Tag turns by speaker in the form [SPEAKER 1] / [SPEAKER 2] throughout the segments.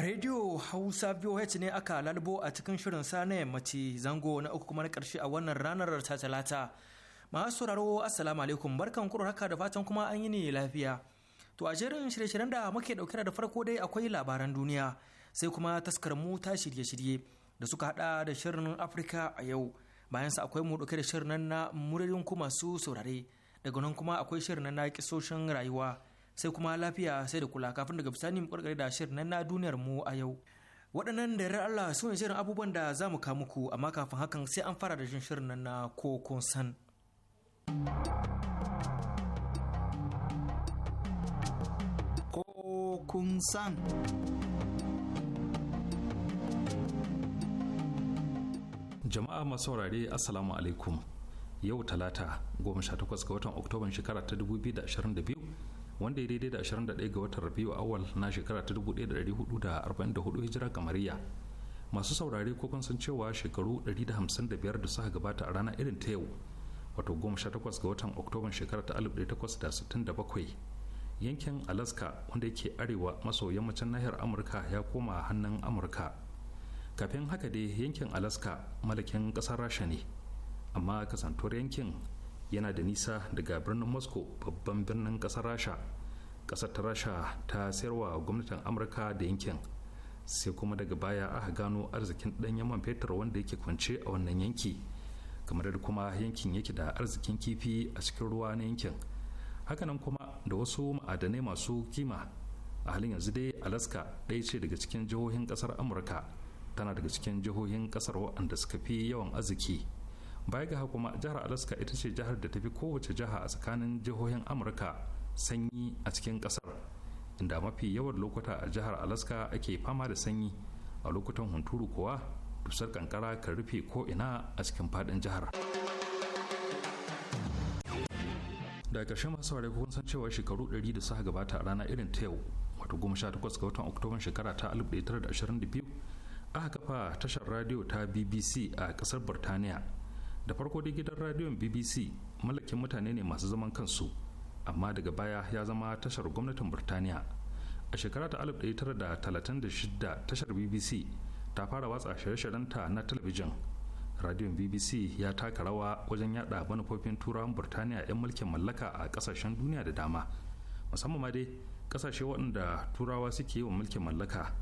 [SPEAKER 1] Radio Hausa VOH ne aka lalbo a cikin shirin sa na yammaci zango na uku kuma na karshe a wannan ranar ta talata. Masu sauraro Assalamu alaikum barkan kuro haka da fatan kuma an yi ne lafiya. To a jerin shirye-shiryen da muke ɗauke da farko dai akwai labaran duniya sai kuma taskar mu ta shirye-shirye da suka hada da shirin Afirka a yau. Bayan sa akwai mu ɗauke da shirin na muririn ku masu saurare. Daga nan kuma akwai shirin na kisoshin rayuwa. sai kuma lafiya sai da kula kafin daga bisani mu da shirin nan na duniyar mu a yau waɗannan da yarar Allah su ne shirin abubuwan da za mu ka muku amma kafin hakan sai an fara da jin shirin nan na kokon san kokun san
[SPEAKER 2] jama'a masu saurare assalamu alaikum yau talata 18 ga watan oktoban shekara ta 2022 wanda ya daidai da 21 ga watan rabiu awal na shekara ta 1444 hijira kamariya masu saurare ko kun san cewa shekaru 155 da suka gabata a rana irin ta yau wato 18 ga watan oktoban shekara ta 1867 yankin alaska wanda yake arewa maso yammacin nahiyar amurka ya koma hannun amurka kafin haka dai yankin alaska malakin kasar rasha ne amma kasantuwar yankin yana da nisa daga birnin moscow babban birnin kasar rasha kasar ta rasha ta sayarwa gwamnatin amurka da yankin sai kuma daga baya aka gano arzikin dan yaman fetur wanda yake kwance a wannan yanki kamar da kuma yankin yake da arzikin kifi a cikin ruwa na yankin hakanan kuma da wasu ma'adanai masu kima a halin yanzu dai alaska ɗaya ce daga cikin jihohin ƙasar amurka tana daga cikin jihohin ƙasar waɗanda suka fi yawan arziki baya ga kuma jihar alaska ita ce jihar da tafi kowace jiha a tsakanin jihohin amurka sanyi a cikin kasar inda mafi yawan lokuta a jihar alaska ake fama da sanyi a lokutan hunturu kuwa dusar kankara kan rufe ko a cikin fadin jihar daga ƙarshe masu ware kun san cewa shekaru 100 da suka gabata a rana irin ta yau wato 18 ga watan oktoban shekara ta 1922 aka kafa tashar radio ta bbc a ƙasar burtaniya da farko dai gidan radiyon bbc mallakin mutane ne masu zaman kansu amma daga baya ya zama tashar gwamnatin burtaniya a shekara ta 1936 tashar bbc ta fara watsa shirye-shiryenta na talabijin radiyon bbc ya taka rawa wajen yada manufofin turawan burtaniya 'yan mulkin mallaka a kasashen duniya da dama musamman ma dai kasashe waɗanda turawa suke yi wa mulkin mallaka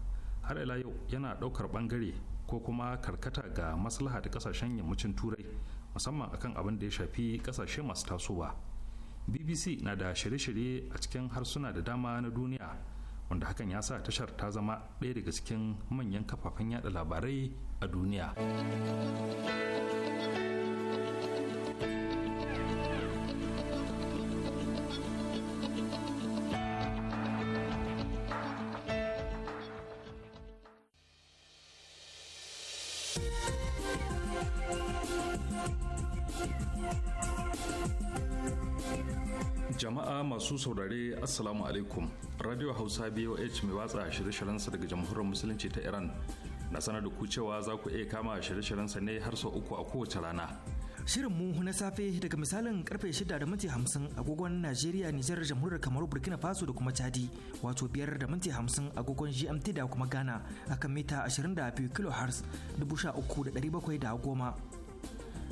[SPEAKER 2] har ila yau yana ɗaukar ɓangare ko kuma karkata ga maslaha da kasashen yammacin turai musamman akan abin da ya shafi kasashe masu tasowa bbc na da shirye-shirye a cikin harsuna da dama na duniya wanda hakan ya sa tashar ta zama ɗaya daga cikin manyan kafafen yada labarai a duniya jama'a masu saurare assalamu alaikum radio hausa boh mai watsa shirye-shiryensa daga jamhuriyar musulunci ta iran na sanar da ku cewa za ku iya kama shirye-shiryensa ne har sau uku a kowace rana
[SPEAKER 1] shirin mu na safe daga misalin karfe 6 da minti 50 agogon najeriya nijar jamhuriyar kamar burkina faso da kuma chadi wato 5 da minti 50 agogon gmt da kuma ghana akan mita 22 kilohertz 13710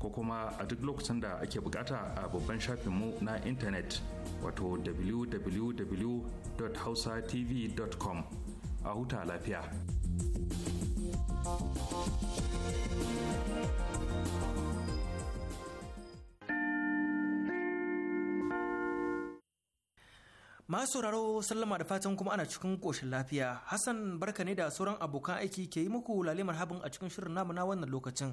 [SPEAKER 2] ko kuma a duk lokacin da ake bukata a babban shafinmu na intanet wato www.hausatv.com a huta lafiya.
[SPEAKER 1] Masu sauraro sallama da fatan kuma ana cikin koshin lafiya. Hassan barka ne da sauran abokan aiki ke yi muku lalimar habin a cikin shirin namu na wannan lokacin.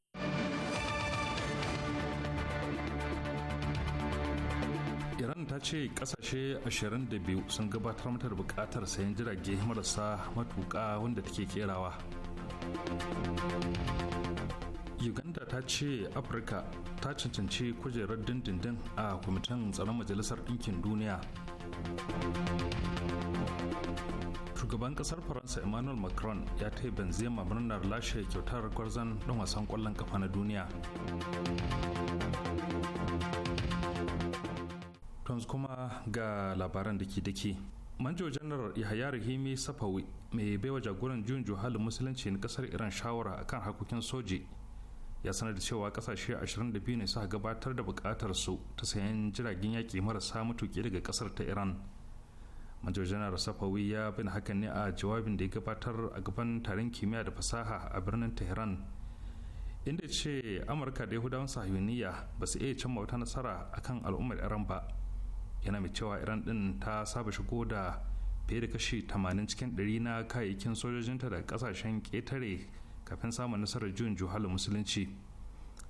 [SPEAKER 2] ta ce kasashe 22 sun gabatar mata da bukatar sayan jirage marasa matuka wanda take kerawa uganda ta ce afirka ta cancanci kujerar dindindin a kwamitin tsaron majalisar ɗinkin duniya shugaban kasar faransa emmanuel macron ya ta yi benzema murnar lashe kyautar gwarzon ɗan wasan ƙwallon kafa na duniya yanzu kuma ga labaran da ke dake manjo janar yahaya rahimi safawi mai baiwa jagoran juyin juhalin musulunci na kasar iran shawara akan harkokin soji ya sanar da cewa kasashe 22 ne suka gabatar da bukatar su ta sayan jiragen yaƙi marasa mutuki daga kasar ta iran manjo janar safawi ya bin hakan ne a jawabin da ya gabatar a gaban taron kimiyya da fasaha a birnin tehran inda ce amurka da yahudawan sahiyuniya ba su iya cimma wata nasara akan al'ummar iran ba yana mai cewa iran din ta saba shigo da fiye da kashi 80 cikin 100 na kayayyakin sojojinta daga kasashen ƙetare kafin samun nasarar juyin juhalin musulunci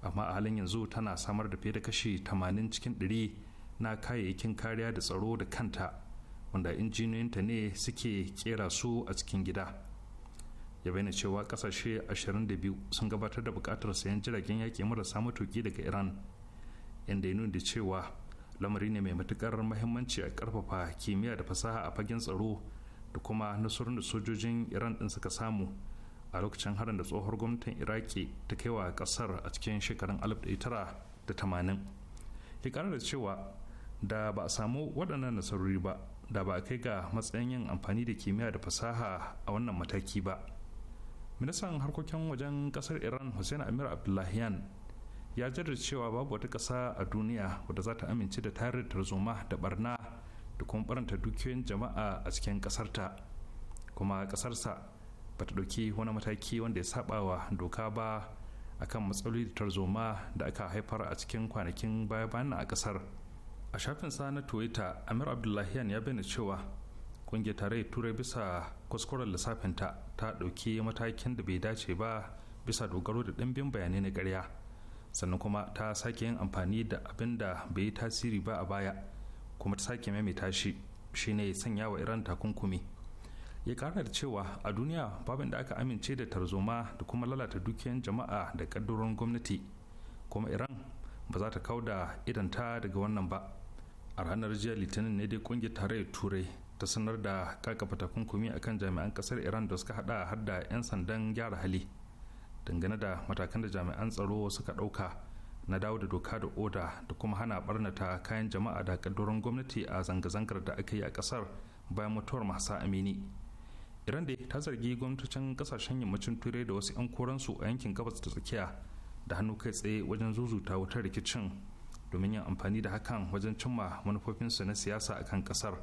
[SPEAKER 2] amma a halin yanzu tana samar da fiye da kashi 80 cikin 100 na kayayyakin kariya da tsaro da kanta wanda injiniyoyinta ne suke kera su a cikin gida ya bayyana cewa kasashe 22 sun gabatar da bukatar sayan jiragen yaƙi marasa matuki daga iran inda ya nuna cewa lamari ne mai matukar mahimmanci a karfafa kimiyya da fasaha a fagen tsaro da kuma nasarar da sojojin iran din suka samu a lokacin harin da tsohuwar gwamnatin iraki ta kai wa kasar a cikin shekarun 1980 ya kara da cewa da ba a samu waɗannan nasarori ba da ba a kai ga matsayin yin amfani da kimiyya da fasaha a wannan mataki ba ministan harkokin wajen kasar iran hussein amir abdullahian ya jaddada cewa babu wata ƙasa a duniya wadda za ta amince da tarin tarzoma da barna da kuma baranta dukiyoyin jama'a a cikin ƙasarta kuma ƙasarsa ba ta ɗauki wani mataki wanda ya saba wa doka ba akan matsaloli da tarzoma da aka haifar a cikin kwanakin baya bayan a ƙasar a shafinsa na twitter amir abdullahian ya bayyana cewa kungiyar tarayyar turai bisa kuskuren lissafinta ta ɗauki matakin da bai dace ba bisa dogaro da ɗimbin bayanai na ƙarya sannan kuma ta sake yin amfani da abin da bai yi tasiri ba a baya kuma ta sake maimaita shi shine sanya wa iran takunkumi ya kara da cewa a duniya babin da aka amince da tarzoma da kuma lalata dukiyan jama'a da kaddarorin gwamnati kuma iran ba za ta kau da ta daga wannan ba a ranar jiya litinin ne dai kungiyar tarayyar turai ta sanar da kakafa takunkumi akan jami'an kasar iran da suka hada har da 'yan sandan gyara hali dangane da matakan da jami'an tsaro suka ɗauka na dawo da doka da oda da kuma hana barnata kayan jama'a da kaddoron gwamnati a zanga-zangar da aka yi a ƙasar bayan mutuwar masu amini iran da ta zargi gwamnatocin kasashen yammacin turai da wasu 'yan koransu a yankin gabas da tsakiya da hannu kai tsaye wajen zuzuta wutar rikicin domin yin amfani da hakan wajen cimma manufofinsu na siyasa a kan kasar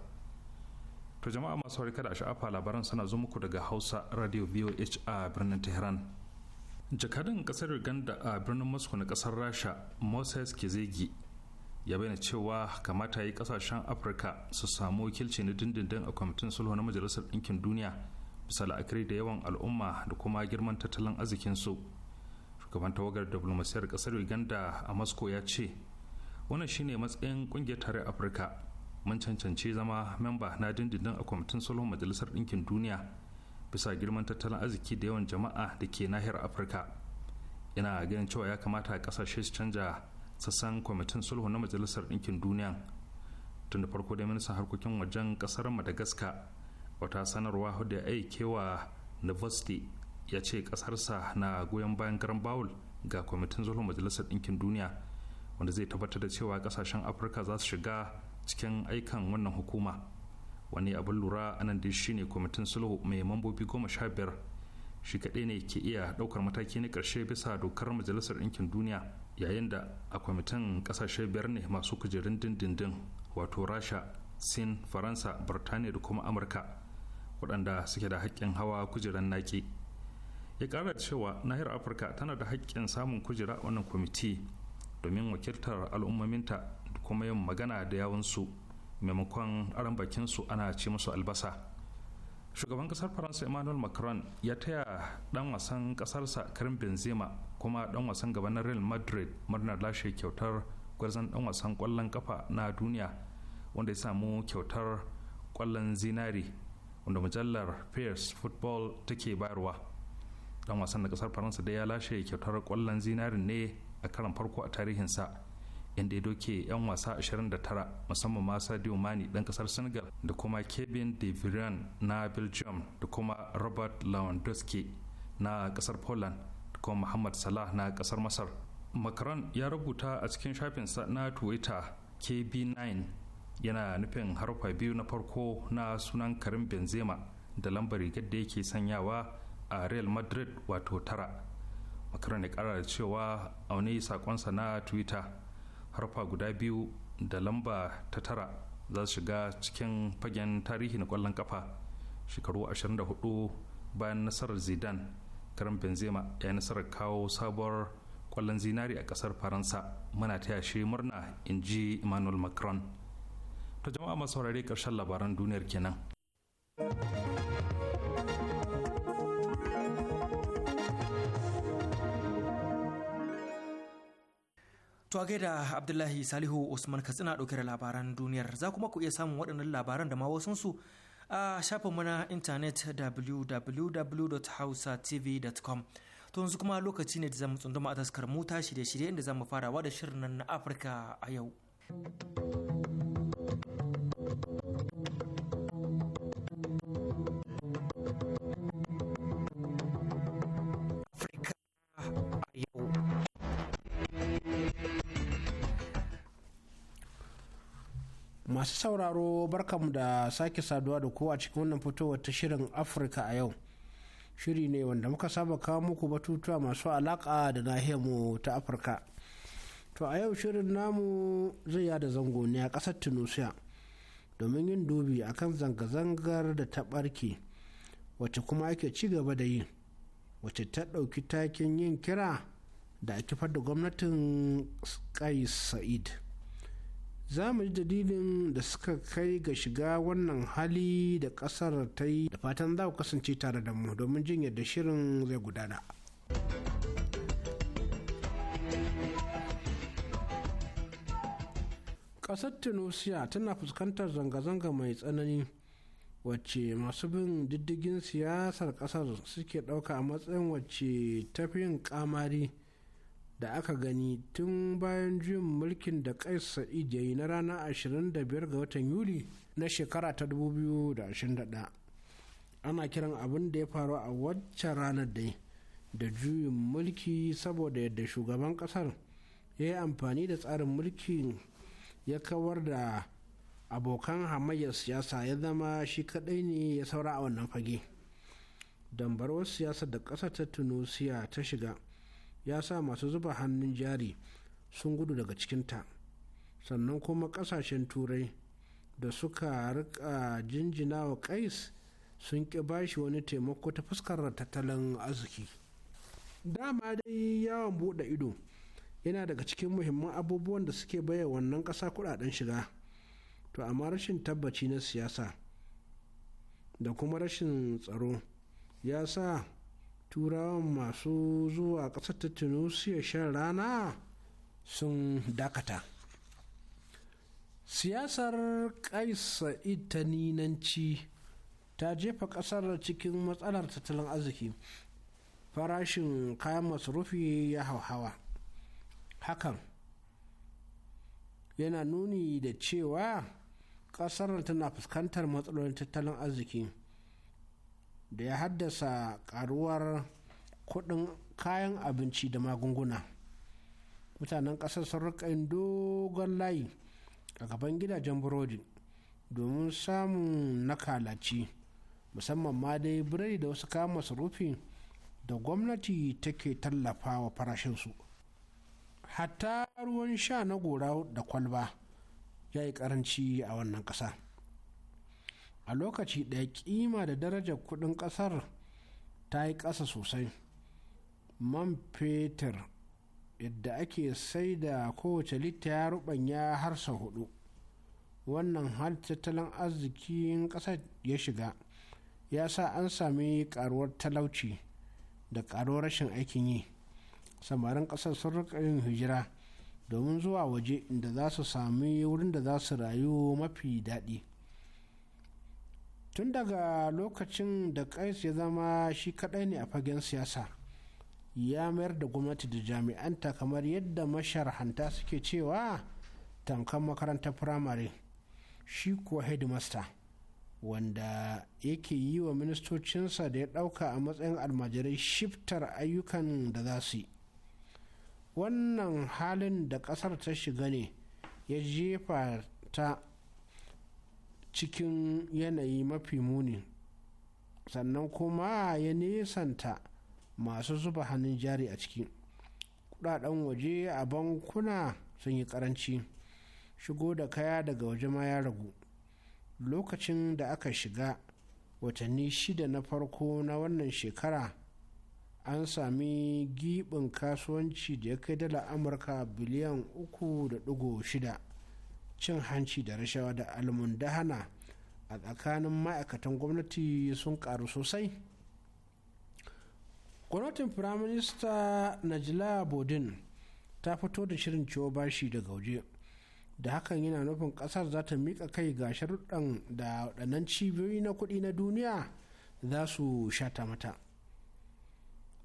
[SPEAKER 2] to jama'a masu harika da sha'afa labaran suna zo muku daga hausa radio voh a birnin tehran jakadan kasar uganda a birnin moscow na kasar rasha moses kizegi ya bayyana cewa kamata yi kasashen afirka su samu wakilci na dindindin a kwamitin sulhu na majalisar ɗinkin duniya bisa la'akari da yawan al'umma da kuma girman tattalin arzikinsu shugaban tawagar diplomasiyar kasar uganda a moscow ya ce wannan shine matsayin kungiyar tare afirka mun cancanci zama memba na dindindin a kwamitin sulhu majalisar ɗinkin duniya bisa girman tattalin arziki da yawan jama'a da ke nahiyar afirka ina ganin cewa ya kamata a kasashe su canja sassan kwamitin sulhu na majalisar ɗinkin duniya tun da farko da ministan harkokin wajen ƙasar madagascar wata sanarwa da ya aikewa navosti ya ce ƙasarsa na goyon bayan garan bawul ga kwamitin sulhu majalisar ɗinkin duniya wanda zai tabbatar da cewa ƙasashen afirka za su shiga cikin aikan wannan hukuma wani abin lura anan da shine kwamitin sulhu mai mambobi goma sha biyar shi kaɗai ne ke iya ɗaukar mataki na ƙarshe bisa dokar majalisar ɗinkin duniya yayin da a kwamitin ƙasashe biyar ne masu kujerun dindindin wato rasha sin faransa birtaniya da kuma amurka waɗanda suke da haƙƙin hawa kujeran naƙi ya ƙara cewa nahiyar afirka tana da haƙƙin samun kujera a wannan kwamiti domin wakiltar al'ummominta da kuma yin magana da yawunsu maimakon aron bakin su ana ce musu albasa shugaban kasar faransa emmanuel macron ya taya dan wasan kasarsa karim benzema kuma dan wasan gabanin real madrid murnar lashe kyautar gwarzon dan wasan kwallon kafa na duniya wanda ya samu kyautar kwallon zinari wanda mujallar fairs football take bayarwa dan wasan da kasar faransa da ya lashe kyautar kwallon zinarin ne a karan farko a tarihinsa inda ya doke 'yan wasa 29 musamman ma sadio mani ɗan ƙasar senegal da kuma kevin de Vrian na belgium da kuma robert lewandowski na ƙasar poland da kuma muhammad salah na ƙasar masar macron ya rubuta a cikin shafinsa na twitter kb9 yana nufin harfa biyu na farko na sunan karim benzema da lambar rigar da yake sanyawa a real madrid wato tara macron ya kara da cewa a wani sakonsa na twitter harfa guda biyu da lamba ta tara za su shiga cikin fagen tarihi na kwallon kafa shekaru 24 bayan nasarar zidane karan benzema ya nasarar kawo sabuwar kwallon zinari a kasar faransa muna ta yashe murna in ji emmanuel macron ta jama'a masaurare karshen labaran duniyar kenan To
[SPEAKER 1] da Abdullahi Salihu Usman Katsina ɗauke da labaran duniyar za kuma ku iya samun waɗannan labaran da ma su a shafin mana intanet www.hausatv.com to yanzu kuma lokaci ne da zamu tsunduma a taskar mota ta shirye-shirye inda zamu farawa da shirin nan na Afirka a yau.
[SPEAKER 3] masu sauraro barkamu da sake saduwa da kowa cikin wannan fitowar ta shirin afirka a yau shiri ne wanda muka saba kawo muku batutuwa masu alaka da nahiyar mu ta afirka to a yau shirin namu zai yada zango ne a ƙasar tunisia domin yin dubi akan zanga-zangar da ta ɓarke wacce kuma ake ci gaba da yi wacce ta ɗauki takin yin kira da a kifar da gwamnatin kai sa'id za mu ji dalilin da suka kai ga shiga wannan hali da ƙasar ta yi da fatan za ku kasance tare da mu domin jin yadda shirin zai gudana. kasar tunisia tana fuskantar zanga-zanga mai tsanani wacce masu bin diddigin siyasar kasar suke ɗauka a matsayin wacce tafiyin kamari yin ƙamari. da aka gani tun bayan juyin mulkin da kaisa sa'id na ranar 25 ga watan yuli na shekara ta 2021 ana kiran abin da ya faru a waccan ranar dai da juyin mulki saboda yadda shugaban kasar ya yi amfani da tsarin mulkin ya kawar da abokan hamayyar siyasa ya zama shi kadai ne ya saura a wannan fage dambarwar siyasa da ƙasa ta tunisia ta shiga ya sa masu zuba hannun jari sun gudu daga cikinta sannan kuma kasashen turai da suka rika jinjina wa kais sun ƙi bashi wani taimako ta fuskar tattalin arziki dama dai yawon buɗe ido yana daga cikin muhimman abubuwan da suke baya wannan ƙasa kuɗaɗen shiga to amma rashin tabbaci na siyasa da kuma rashin tsaro ya sa turawan masu zuwa ƙasar ta tunisia shan rana sun dakata siyasar kaisa ita ta ninanci ta jefa ƙasar cikin matsalar tattalin arziki farashin kayan masarufi ya hauhawa hakan yana nuni da cewa ƙasar tana fuskantar matsalolin tattalin arziki da ya haddasa karuwar kudin kayan abinci da magunguna mutanen ƙasar sun rika yin dogon layi a gaban gidajen burodi domin samun nakalaci musamman ma dai biredi da wasu kayan masarufi da gwamnati take tallafa wa farashinsu hatta ruwan sha na gora da kwalba ya yi karanci a wannan ƙasa. a lokaci ɗaya kima da darajar kuɗin ƙasar ta yi ƙasa sosai man fetur yadda ake sai da kowace litta ya rubanya har sau hudu wannan har tattalin arzikin ƙasar ya shiga ya sa an sami karuwar talauci da karuwar rashin aikin yi samarin ƙasar sun rika yin hijira domin zuwa waje inda za su sami wurin da za su rayu mafi daɗi tun daga lokacin da kais ya zama shi kadai ne a fagen siyasa ya mayar da gwamnati da jami'anta kamar yadda mashar hanta suke cewa tankan makarantar firamare shi kuwa headmaster wanda yake yi wa ministocinsa da ya ɗauka a matsayin almajirai shiftar ayyukan da za su yi wannan halin da ƙasar ta shiga ne ya jefa ta cikin yanayi mafi muni sannan kuma ya nisanta masu zuba hannun jari a ciki kudaden waje a bankuna sun yi karanci shigo da kaya daga waje ma ya ragu lokacin da aka shiga watanni shida na farko na wannan shekara an sami giɓin kasuwanci da ya kai dala amurka biliyan 3.6 cin hanci da rashawa da almundahana a tsakanin ma'aikatan gwamnati sun karu sosai gwamnatin firaminista najla bodin ta fito da shirin ciwo bashi da waje da hakan yana nufin kasar za ta miƙa kai ga sharuɗan da waɗannan cibiyoyi na kuɗi na duniya za su shata mata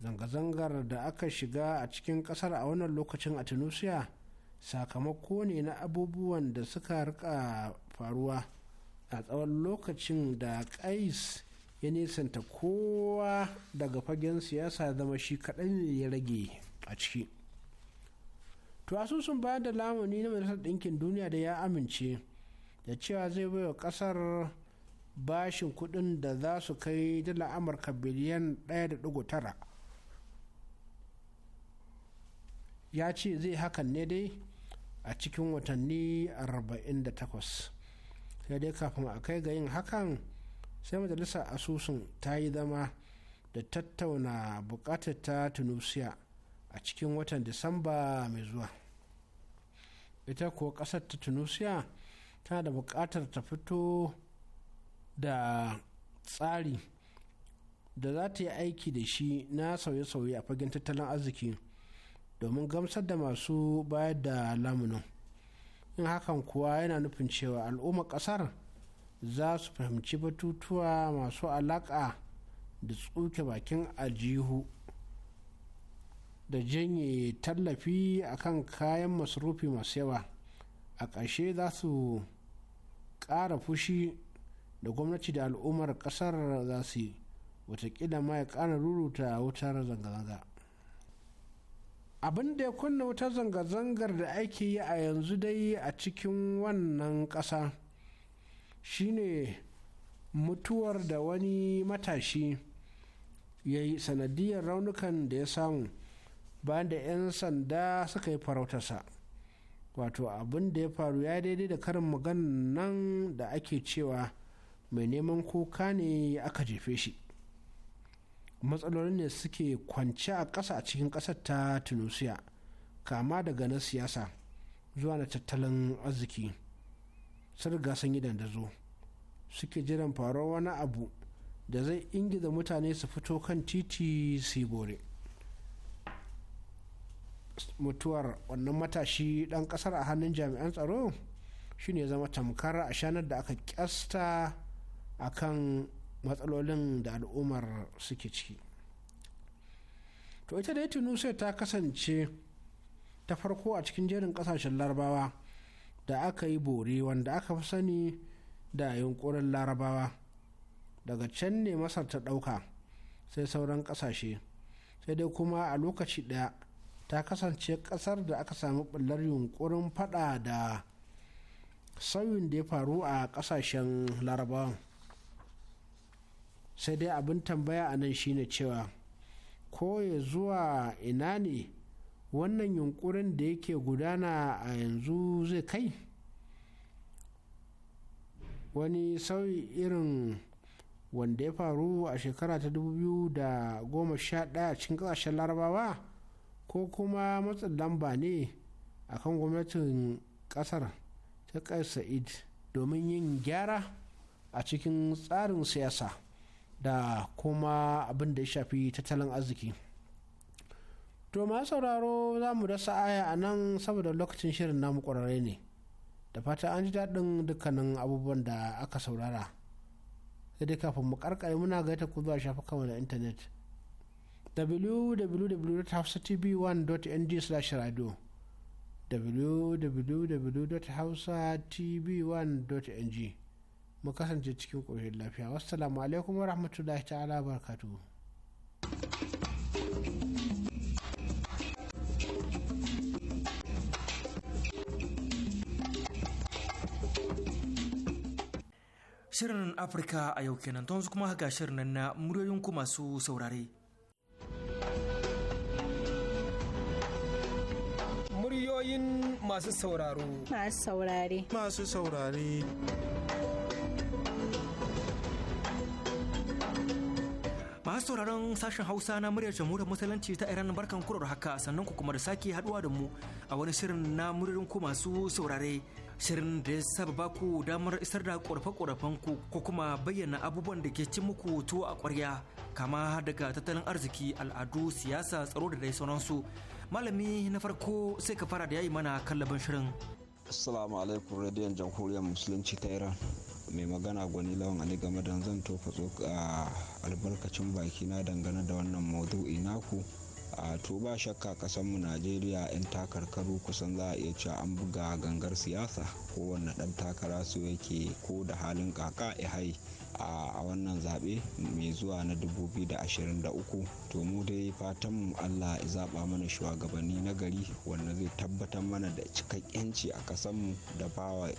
[SPEAKER 3] zanga-zangar da aka shiga a cikin ƙasar a wannan lokacin a tunusiya. sakamako ne na abubuwan da suka rika faruwa a tsawon lokacin da kais ya nisanta kowa daga fagen siyasa zama shi kaɗan ya rage a ciki to asusun ba da lamuni na majalisar ɗinkin duniya da ya amince da cewa zai baiwa ƙasar bashin kuɗin da za su kai dala amurka biliyan 1.9 ya ce zai hakan ne dai a cikin watanni 48 sai dai kafin a kai ga yin hakan sai majalisar asusun ta yi zama da tattauna bukatar ta tunusiya a cikin watan disamba mai zuwa ita kuwa kasar ta tunusiya tana da bukatar ta fito da tsari da za ta yi aiki da shi na sauye-sauye a fagen tattalin arziki domin gamsar da masu bayar da lamunin in hakan kuwa yana nufin cewa al'ummar ƙasar za su fahimci batutuwa masu alaƙa da tsuke bakin aljihu da janye tallafi akan kayan masarufi masu yawa a ƙarshe za su ƙara fushi da gwamnati da al'ummar ƙasar za su yi watakila ma ya ƙara ruruta wutar zanga-zanga abin da ya kunna wuta zanga-zangar da ake yi a yanzu dai a cikin wannan ƙasa shine mutuwar da wani matashi ya yi sanadiyar raunukan da ya samu bayan da 'yan sanda suka yi farautarsa wato abin da ya faru ya daidai da karin maganan nan da ake cewa mai neman kuka ne aka jefe shi matsalolin ne suke kwance a ƙasa a cikin ƙasar ta tunisia kama daga na siyasa zuwa na tattalin arziki sun riga sun yi dandazo suke jiran faruwar wani abu da zai ingiza mutane su fito kan titi su bore mutuwar wannan matashi ɗan ƙasar a hannun jami'an tsaro shine zama tamkar a shanar da aka kyasta a kan matsalolin da al'ummar suke ciki to ita dai tunisia ta kasance ta farko a cikin jerin kasashen larabawa da aka yi bore wanda aka fi sani da yunkurin larabawa daga can ne masar ta ɗauka sai sauran kasashe sai dai kuma a lokaci ɗaya ta kasance ƙasar da aka sami ɓullar yunkurin faɗa da sauyin da ya faru a ƙasashen larabawan sai dai abin tambaya a nan shine cewa ko ya zuwa ina ne wannan yunkurin da yake gudana a yanzu zai kai wani sauyi irin wanda ya faru a shekara ta 2011 cikin kasashen larabawa ko kuma matsin lamba ne a kan gwamnatin kasar ta kai sa'id domin yin gyara a cikin tsarin siyasa da kuma abin da ya shafi tattalin arziki to ma sauraro za mu dasa aya a nan saboda lokacin shirin namu ƙwararre ne da fata an ji daɗin dukkanin abubuwan da aka saurara sai dai kafin mu karkare muna gaita ku zuwa shafukanmu na intanet wwwhausatv 1ng radio www.hausatv1.ng mu kasance cikin ƙoshin lafiya wassalamu alaikum wa rahmatullahi ta'ala barkatu
[SPEAKER 1] Shirin Afirka a yau kenan don kuma ga shirin nan na muryoyin ku masu saurare.
[SPEAKER 4] Muryoyin masu
[SPEAKER 1] sauraro.
[SPEAKER 3] Masu saurare. Masu saurare.
[SPEAKER 1] Masu sauraron sashen Hausa na muryar jamhuriyar musulunci ta Iran barkan kurar haka sannan ku kuma da sake haduwa da mu a wani shirin na muryar ku masu saurare shirin da ya saba baku damar isar da korafe-korafen ku ko kuma bayyana abubuwan da ke cin muku tuwo a ƙwarya kama daga tattalin arziki al'adu siyasa tsaro da dai sauransu malami na farko sai ka fara da yayi mana kallaban shirin
[SPEAKER 5] assalamu alaikum radiyon jamhuriyar musulunci ta Iran mai magana gwani lawan ali game da zan tofa a albarkacin baki na dangane da wannan maudu'i naku a to ba shakka kasanmu najeriya 'yan takarkaru kusan za a iya cewa an buga gangar siyasa kowanne ɗan takara su yake ko da halin kaka ya ihai a wannan zaɓe mai zuwa na 2023 to mu dai fatan mu Allah ya zaɓa mana shugabanni na gari wanda zai tabbatar mana da cikakkenci a mu da bawa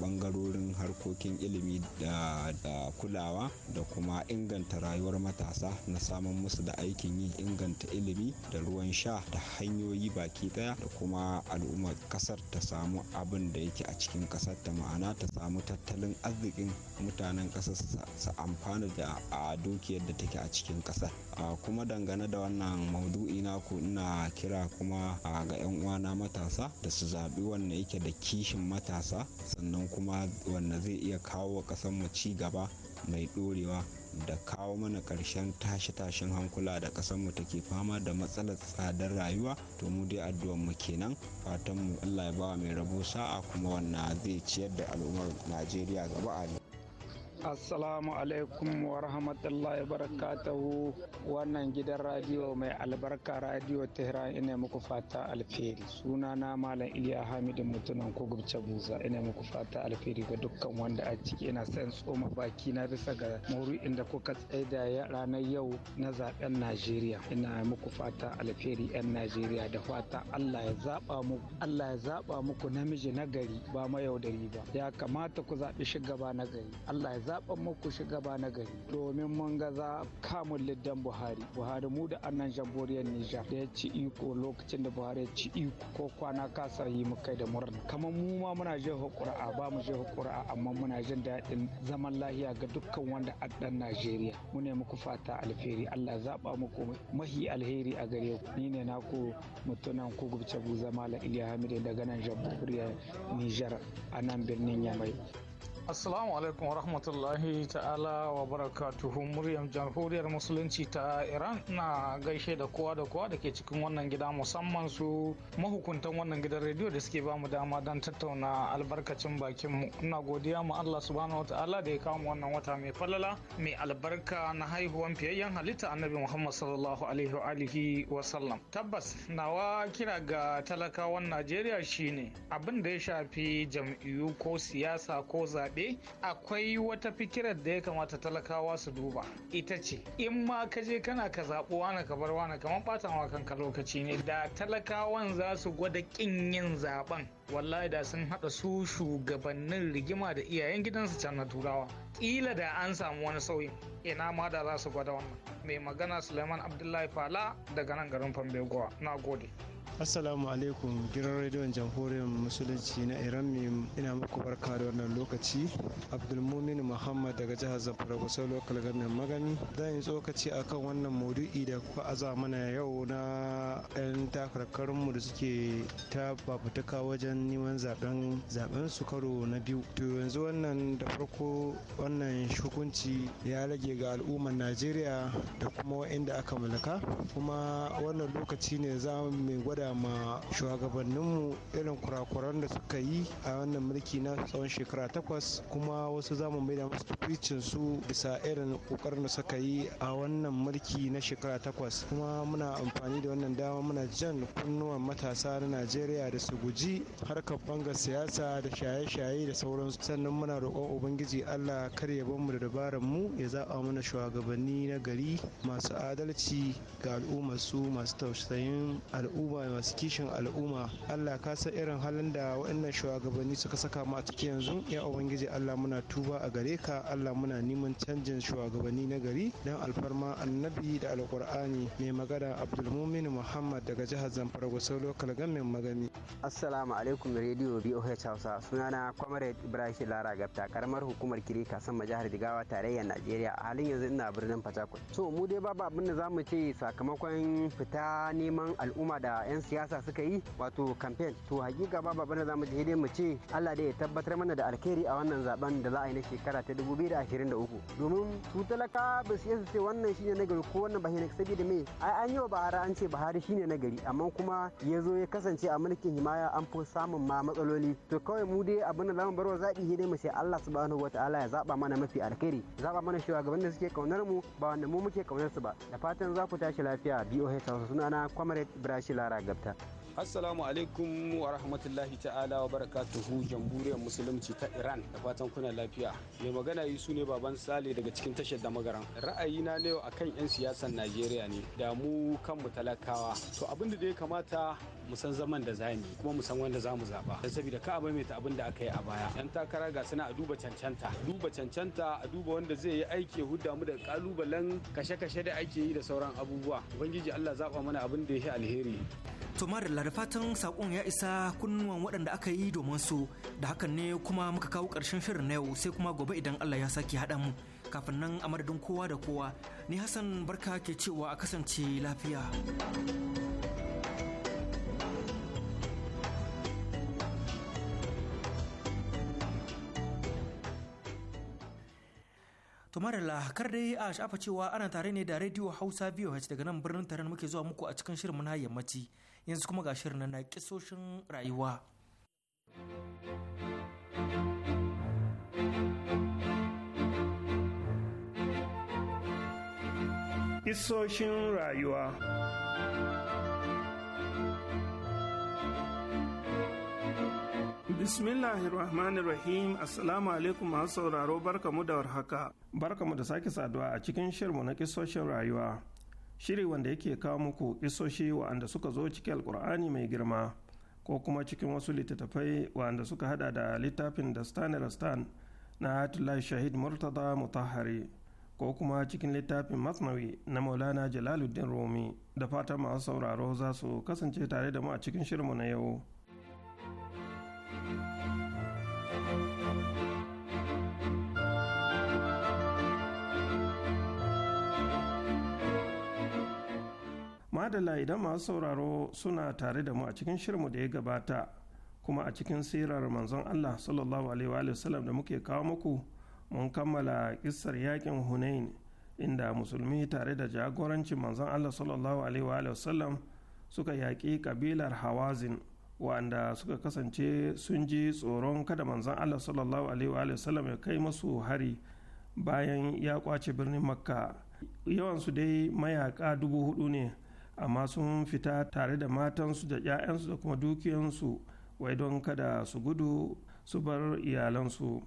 [SPEAKER 5] ɓangarorin harkokin ilimi da kulawa da kuma inganta rayuwar matasa na samun musu da aikin yi inganta ilimi da ruwan sha da hanyoyi baki ɗaya da kuma al'ummar ƙasar ta samu abin da yake a cikin ƙasar ta ma'ana ta samu tattalin arzikin mutanen ƙasar su amfana da a dukiyar da take a cikin ƙasar kuma dangane da wannan maudu'i na ku ina kira kuma ga 'yan uwana matasa da su zaɓi wanda yake da kishin matasa sannan kuma wanda zai iya kawo kasar mu ci gaba mai ɗorewa da kawo mana ƙarshen tashe-tashen hankula da ƙasar mu take fama da matsalar tsadar rayuwa to mu dai addu'ar mu kenan fatan mu Allah ya ba mai rabo sa'a kuma wannan zai ciyar da al'ummar Najeriya gaba a
[SPEAKER 4] Assalamu alaikum wa rahmatullahi barakatahu wannan gidan radiyo mai albarka radiyo Tehran ina muku fata alferi suna na Malam Iliya Hamidu mutunan kogubce buza ina muku fata alfiri ga dukkan wanda a ciki ina son tsoma baki na bisa ga mauru'in da kuka tsaida ranar yau na zaben Najeriya ina muku fata alfiri yan Najeriya da fata Allah ya zaba muku Allah ya zaba muku namiji nagari ba mayaudari ba ya kamata ku zaɓi shugaba nagari Allah ya zaɓen muku shugaba na gari domin mun ga za kamun liddan buhari buhari mu da annan jamhuriyar nijar da ya ci iko lokacin da buhari ya ci iko ko kwana kasar yi mu kai da murna kamar mu ma muna jefa a. ba mu jefa a amma muna jin daɗin zaman lahiya ga dukkan wanda a ɗan najeriya mu ne muku fata alheri allah zaɓa muku mahi alheri a gare ku ni ne naku mutunan ku gubce buza malam iliya hamidu daga nan jamhuriyar nijar a nan birnin yamai Assalamu alaikum wa rahmatullahi ta'ala wa barakatuhu muryar jamhuriyar musulunci ta Iran na gaishe da kowa da kowa da ke cikin wannan gida musamman su mahukuntan wannan gidan rediyo da suke bamu dama don tattauna albarkacin bakin mu. Ina godiya mu Allah subhanahu wa ta'ala da ya kawo wannan wata mai falala mai albarka na haihuwan fiyayyen halitta Annabi Muhammad sallallahu alaihi wa alihi wa sallam. Tabbas nawa kira ga talakawan Najeriya shine abin da ya shafi jam'iyyu ko siyasa ko zaɓe zaɓe akwai wata fikirar da ya kamata talakawa su duba ita ce in ma ka je kana ka zaɓo wani ka bar wani kamar wa kanka lokaci ne da talakawan za su gwada ƙin yin zaɓen wallahi da sun haɗa su shugabannin rigima da iyayen gidansu can na turawa ƙila da an samu wani sauyi ina ma da za su gwada wannan mai magana suleiman abdullahi fala daga nan garin fambegowa na gode
[SPEAKER 6] Assalamu alaikum gidan rediyon jamhuriyar musulunci na Iran mai ina muku barka da wannan lokaci. Abdulmumin Muhammad daga jihar Zamfara Gusau lokal gamin magani. Zan yi tsokaci kan wannan maudu'i da kuka aza mana yau na 'yan takarkarinmu da suke ta fafutuka wajen neman zaben zaben su karo na biyu. To yanzu wannan da farko wannan hukunci ya rage ga al'ummar Najeriya da kuma wa'inda aka mulka kuma wannan lokaci ne za mu gwada ma shugabanninmu irin kurakuran da suka yi a wannan mulki na tsawon shekara takwas kuma wasu zamu mai da masu tukwicin su bisa irin kokarin da suka yi a wannan mulki na shekara takwas kuma muna amfani da wannan dama muna jan kunnuwan matasa na najeriya da su guji harkar banga siyasa da shaye-shaye da sauransu sannan muna roƙon ubangiji allah kar ya bamu da dabaran mu ya zaɓa mana shugabanni na gari masu adalci ga al'ummar su masu tausayin al'umma masu kishin al'umma allah ka san irin halin da waɗannan shugabanni suka saka mu a ciki yanzu ya ubangiji allah muna tuba a gare ka allah muna neman canjin shugabanni na gari don alfarma annabi da alkur'ani mai magana abdulmumin muhammad daga jihar zamfara gusau lokal gamin magani assalamu alaikum radio
[SPEAKER 7] boh hausa sunana comrade ibrahim lara gabta karamar hukumar kiri kasan jihar jigawa tarayyar najeriya a halin yanzu ina birnin fatakwal to mu dai babu abin da zamu ce sakamakon fita neman al'umma da 'yan siyasa suka yi wato campaign to hakika ba babban da zamu je dai mu ce Allah dai ya tabbatar mana da alkhairi a wannan zaben da za a yi na shekara ta 2023 domin su talaka ba su yasa ce wannan shine na gari ko wannan ba shine saboda me ai an yi wa Buhari an ce Buhari shine na gari amma kuma ya zo ya kasance a mulkin himaya an fi samun ma matsaloli to kawai mu dai abin da zamu barwa zabi dai mu ce Allah subhanahu wataala ya zaba mana mafi alkhairi zaba mana shugaban da suke kaunar mu ba wanda mu muke kaunar su ba da fatan za ku tashi lafiya BOH sunana Comrade Brashi Laraga उपलब्ध मतलब है
[SPEAKER 4] assalamu alaikum wa rahmatullahi ta'ala wa barakatuhu jamhuriyar musulunci ta iran da fatan kuna lafiya mai magana yi su ne baban sale daga cikin tashar da magaran na a akan 'yan siyasar najeriya ne da mu kanmu talakawa to abin da ya kamata mu san zaman da zamu kuma mu san wanda zamu zaba dan saboda ka abai mai ta abin da aka yi a baya yan takara ga suna a duba cancanta duba cancanta a duba wanda zai yi aiki ya hudda mu da kalubalen kashe-kashe da ake yi da sauran abubuwa ubangiji Allah zaba mana abin da ya alheri
[SPEAKER 1] to da fatan saƙon ya isa kunnuwan waɗanda aka yi domin su da hakan ne kuma muka kawo ƙarshen shirin na yau sai kuma gobe idan Allah ya sake haɗa mu kafin nan a madadin kowa da kowa ni Hassan barka ke cewa a kasance lafiya. To marilla kar dai a shafa cewa ana tare ne da Radio Hausa VOH daga nan birnin taron muke zuwa muku a cikin shirin na yammaci yanzu kuma ga shirin na kisoshin rayuwa.
[SPEAKER 8] Kisoshin rayuwa Bismillahirrahmanirrahim Assalamu alaikum masu sauraro barkamu da warhaka. mu da sake saduwa a cikin shirmu na kisoshin rayuwa. Shiri wanda yake kawo muku kisoshi wa'anda suka zo cikin alkur'ani mai girma ko kuma cikin wasu littattafai wa'anda suka hada da littafin da Stan Stan na Hatullah Shahid Murtada Mutahari ko kuma cikin littafin Masnawi na Maulana Jalaluddin Rumi da fatan masu sauraro za su kasance tare da mu a cikin shirmu na yau. madala idan masu sauraro suna tare da mu a cikin shirmu da ya gabata kuma a cikin sirar manzon Allah sallallahu alaihi wasallam da muke kawo muku mun kammala kissar yakin Hunain inda musulmi tare da jagorancin manzon Allah sallallahu alaihi wasallam suka yaƙi kabilar Hawazin wanda suka kasance sun ji tsoron kada manzon Allah sallallahu alaihi wasallam ya kai musu hari bayan ya kwace birnin Makka yawansu dai mayaka dubu hudu ne amma sun fita tare da matansu da 'ya'yansu da kuma dukiyansu wai don kada su gudu su bar iyalansu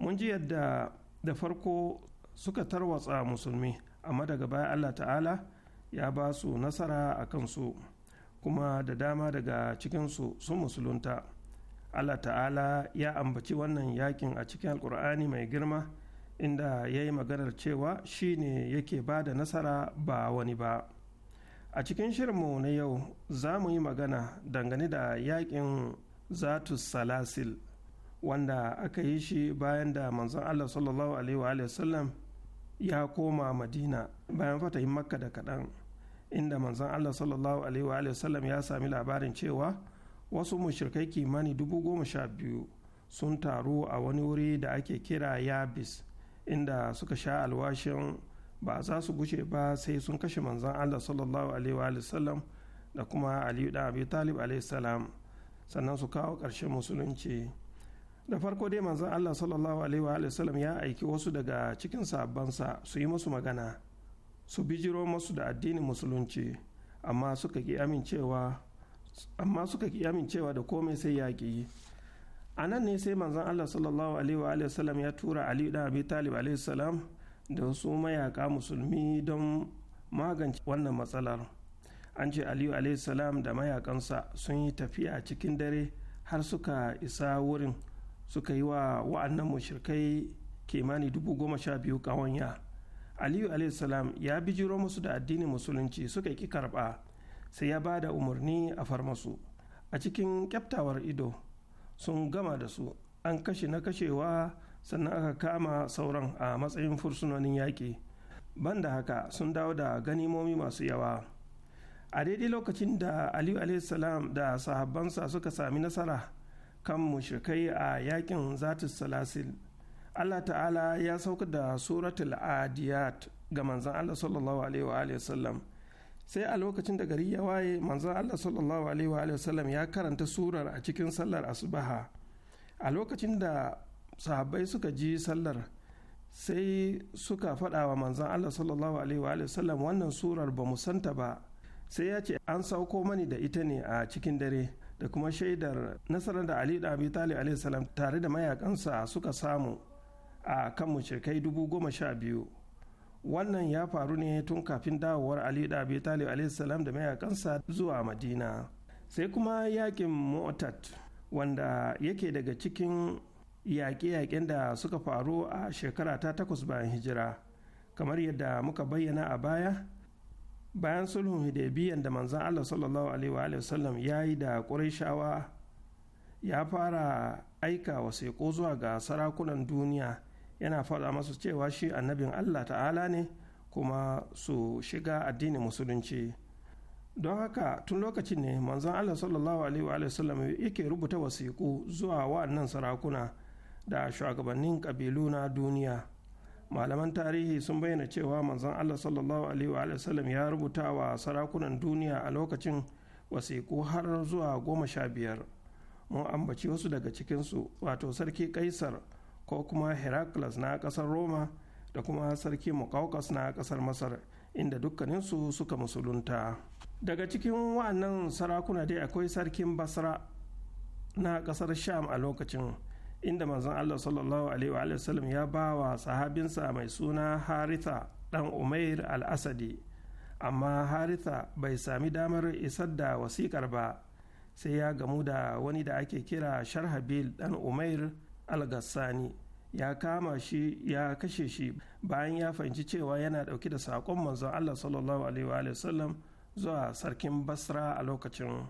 [SPEAKER 8] mun ji yadda da farko suka tarwatsa musulmi amma daga baya allah ta'ala ya ba su nasara a kansu kuma da dama daga cikinsu sun musulunta allah ta'ala ya ambaci wannan yakin a cikin alkur'ani mai girma inda ya yi maganar cewa shi ne yake ba da nasara ba wani ba a cikin shirinmu na yau za mu yi magana dangane da yakin zatus salasil wanda aka yi shi bayan da manzon allah sallallahu alaihi sallam ya koma madina bayan fatahin makka da kaɗan inda manzon allah sallallahu alaihi sallam ya sami labarin cewa wasu mashirkai kimani dubu goma sha biyu sun taru a wani wuri da ake kira yabis inda suka sha alwashin ba za su gushe ba sai sun kashe manzan Allah sallallahu alaihi wa sallam da kuma Aliyu da Abi Talib alaihi salam sannan su kawo ƙarshen musulunci da farko dai manzan Allah sallallahu alaihi wa sallam ya aiki wasu daga cikin sabansa su yi musu magana su bijiro musu da addinin musulunci amma suka ki amincewa amma suka ki amincewa da komai sai yaƙi a nan ne sai manzan Allah sallallahu alaihi wa sallam ya tura Aliyu da Abi Talib alaihi salam da su mayaka musulmi don magance wannan matsalar an ce aliyu salam da mayakansa sun yi tafiya cikin dare har suka isa wurin suka yi wa wa'annan mushrikai kimani dubu goma sha biyu ƙawanya aliyu salam ya bijiro musu da addinin musulunci suka ki karɓa sai ya ba da umarni a farmasu a cikin kyaftawar ido sun gama da su an kashe na kashewa sannan aka kama sauran a matsayin fursunonin yaƙi Ban da haka sun dawo da ganimomi masu yawa a daidai lokacin da aliyu salam da sahabbansa suka sami nasara kan mushrikai a yakin zatis salasil allah ta'ala ya sauka da suratul adiyat ga manzan allah sallallahu alaihi wa sallam sai a lokacin da gari ya waye manzan allah sallallahu alaihi wa sallam ya karanta surar a cikin sallar asubaha a lokacin da sahabbai suka ji sallar sai suka faɗa wa manzan Allah sallallahu alaihi wa sallam wannan surar ba santa ba sai ya ce an sauko mani da ita ne a cikin dare da kuma shaidar nasarar da Ali da Abi Talib alaihi salam tare da mayakansa suka samu a kan mushrikai dubu goma sha biyu wannan ya faru ne tun kafin dawowar Ali da Abi Talib alaihi salam da mayakansa zuwa Madina sai kuma yakin motat wanda yake daga cikin yaƙe-yaƙen da suka faru a shekara ta takwas bayan hijira kamar yadda muka bayyana a baya bayan sulhun hudaybiyyar da manzan Allah sallallahu alaihi wasallam ya yi da ƙurayshawa ya fara aika wa seko zuwa ga sarakunan duniya yana faɗa masu cewa shi annabin Allah ta'ala ne kuma su shiga addinin musulunci don haka tun lokacin ne manzan Allah sallallahu alaihi wasallam yake rubuta wasiƙu zuwa wa'annan sarakuna da shugabannin ƙabilu na duniya malaman tarihi sun bayyana cewa manzon allah sallallahu alaihi wa sallam ya rubuta wa sarakunan duniya a lokacin wasiƙu har zuwa goma sha biyar mun ambaci wasu daga cikinsu wato sarki kaisar ko kuma heracles na ƙasar roma da kuma sarki mukaukas na ƙasar masar inda dukkaninsu suka musulunta daga cikin wa'annan sarakuna dai akwai sarkin basra na ƙasar sham a lokacin inda manzon Allah sallallahu alaihi wa sallam ya ba wa sahabinsa mai suna Haritha ɗan Umair al-Asadi amma Harita bai sami damar isar da wasikar ba sai ya gamu da wani da ake kira Sharhabil ɗan Umair al gassani ya kama shi ya kashe shi bayan ya fahimci cewa yana dauke da saƙon manzon Allah sallallahu alaihi wa sallam zuwa sarkin Basra a lokacin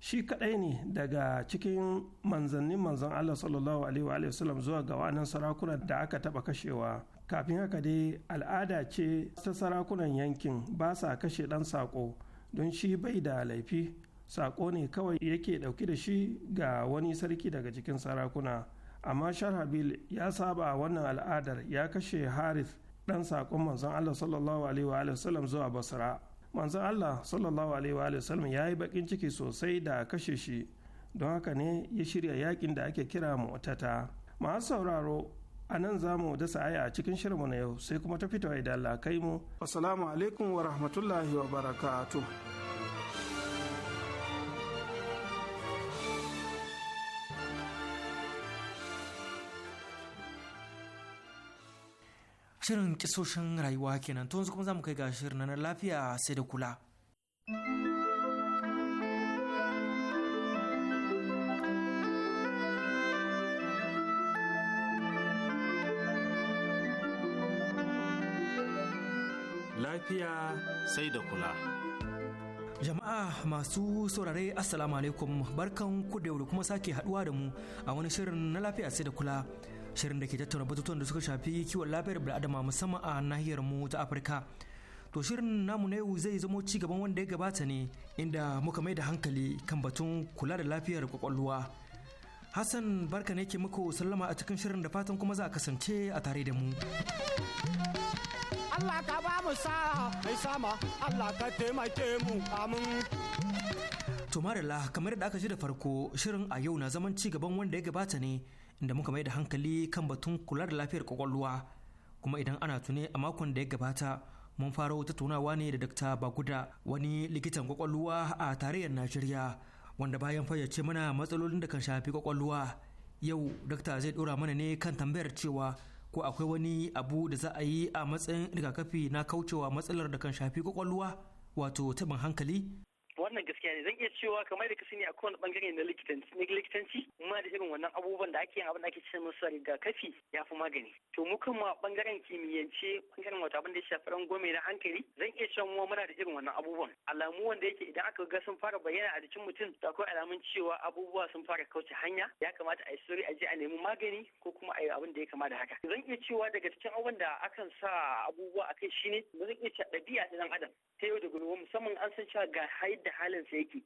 [SPEAKER 8] shi kadai ne daga cikin manzannin manzon Allah sallallahu alaihi wasallam zuwa ga wa'annan sarakunan da aka taba kashewa kafin haka dai al'ada ce ta sarakunan yankin ba sa kashe dan sako don shi bai da laifi sako ne kawai yake dauki da shi ga wani sarki daga cikin sarakuna amma sharhabil ya saba wannan al'adar ya kashe harith dan sakon manzon Allah sallallahu alaihi wasallam zuwa basra manzon Allah sallallahu alaihi wa sallam ya yi bakin ciki sosai da kashe shi don haka ne ya shirya yakin da ake kira mu motata masu sauraro a nan za mu dasa aya a cikin shirinmu na yau sai kuma ta fito idan Allah kai mu assalamu alaikum wa rahmatullahi wa barakatuh
[SPEAKER 1] Shirin kisoshin rayuwa kenan to yanzu kuma za mu kai ga shirin na lafiya sai da kula.
[SPEAKER 8] Lafiya
[SPEAKER 3] sai da kula.
[SPEAKER 1] Jama'a masu saurare Assalamu alaikum barkan ku da kuma sake haduwa da mu a wani shirin na lafiya sai da kula. shirin da ke tattauna batutuwan da suka shafi kiwon lafiyar bil'adama musamman a nahiyar mu ta afirka to shirin namu na yau zai zamo ci gaban wanda ya gabata ne inda muka mai da hankali kan batun kula da lafiyar kwakwalwa hassan barka ne ke muku sallama a cikin shirin da fatan kuma za a kasance a tare da mu
[SPEAKER 9] Allah ka ba mu sa
[SPEAKER 1] mai sama Allah ka taimake mu amin to marilla kamar da aka ji da farko shirin a yau na zaman ci gaban wanda ya gabata ne inda muka mai da hankali kan batun kula da lafiyar kwakwalwa kuma idan ana tune a makon da ya gabata mun fara tattaunawa ne da Dr. Baguda wani likitan kwakwalwa a tarayyar Najeriya wanda bayan fayyace mana matsalolin da kan shafi kwakwalwa yau Dr. zai dora mana ne kan tambayar cewa ko akwai wani abu da za a yi a matsayin rigakafi na kaucewa matsalar da kan shafi kwakwalwa wato tabin hankali
[SPEAKER 9] wannan gaskiya ne zan iya cewa kamar da ka sani a kowane bangare na likitanci na likitanci ma da irin wannan abubuwan da ake yin abin da ake ce musu rigakafi ya fi magani to mu kan ma bangaren kimiyyance bangaren wata abin da ya shafi gome na hankali zan iya cewa mu muna da irin wannan abubuwan alamu wanda yake idan aka ga sun fara bayyana a jikin mutum to akwai alamun cewa abubuwa sun fara kauce hanya ya kamata a yi sauri a je a nemi magani ko kuma a yi abin da ya kama da haka zan iya cewa daga cikin abubuwan da akan sa abubuwa akai shine zan iya cewa ɗabi'a ta dan adam ta yau da gobe musamman an san cewa ga haidda halin sa yake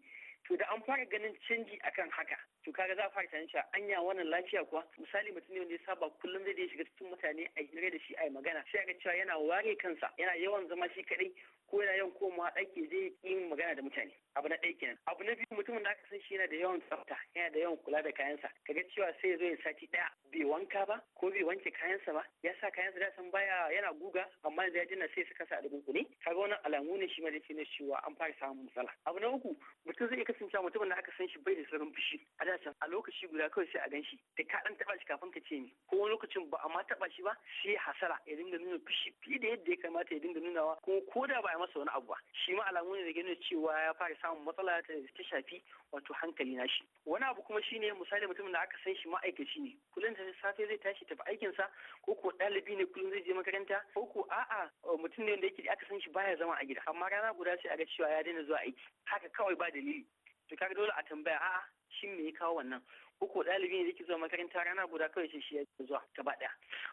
[SPEAKER 9] to da an fara ganin canji akan haka to kaga za a fara tunanin anya wannan lafiya kuwa misali mutum ne wanda ya saba kullum zai shiga cikin mutane a hira da shi a magana sai ga cewa yana ware kansa yana yawan zama shi kadai ko yana yawan komawa ɗaki zai yi magana da mutane abu na ɗaya kenan abu na biyu mutumin da aka san shi yana da yawan tsafta yana da yawan kula da kayansa Ka ga cewa sai ya zo ya sati ɗaya bai wanka ba ko bai wanke kayansa ba ya sa kayansa da san baya yana guga amma yanzu ya dina sai suka sa a Ka kaga wannan alamu ne shi ma zai na cewa an fara samun matsala abu na uku mutum zai iya kasancewa mutumin da aka san shi bai da sauran fushi a da a lokaci guda kawai sai a gan shi da ka ɗan taɓa shi kafin ka ce ni ko wani lokacin ba a ma taɓa shi ba sai hasara ya dinga nuna fushi fiye da yadda ya kamata ya dinga nunawa kuma ko da ba a masa wani abu ba shi ma alamu ne da gani cewa ya fara samun matsala ta ta shafi wato hankali na shi wani abu kuma shine misali mutumin da aka san shi ma'aikaci ne kullum da safe zai tashi tafi aikinsa ko ko ɗalibi ne kullum zai je makaranta ko ko a'a eh, mutum ne da yake aka san shi baya zama a gida amma rana guda sai a ga cewa ya daina zuwa aiki haka kawai ba dalili to kaga dole a tambaya a'a shin me ya kawo wannan Koko dalibi ɗalibi ne yake zuwa makaranta rana guda kawai ce shi ya zuwa gaba ɗaya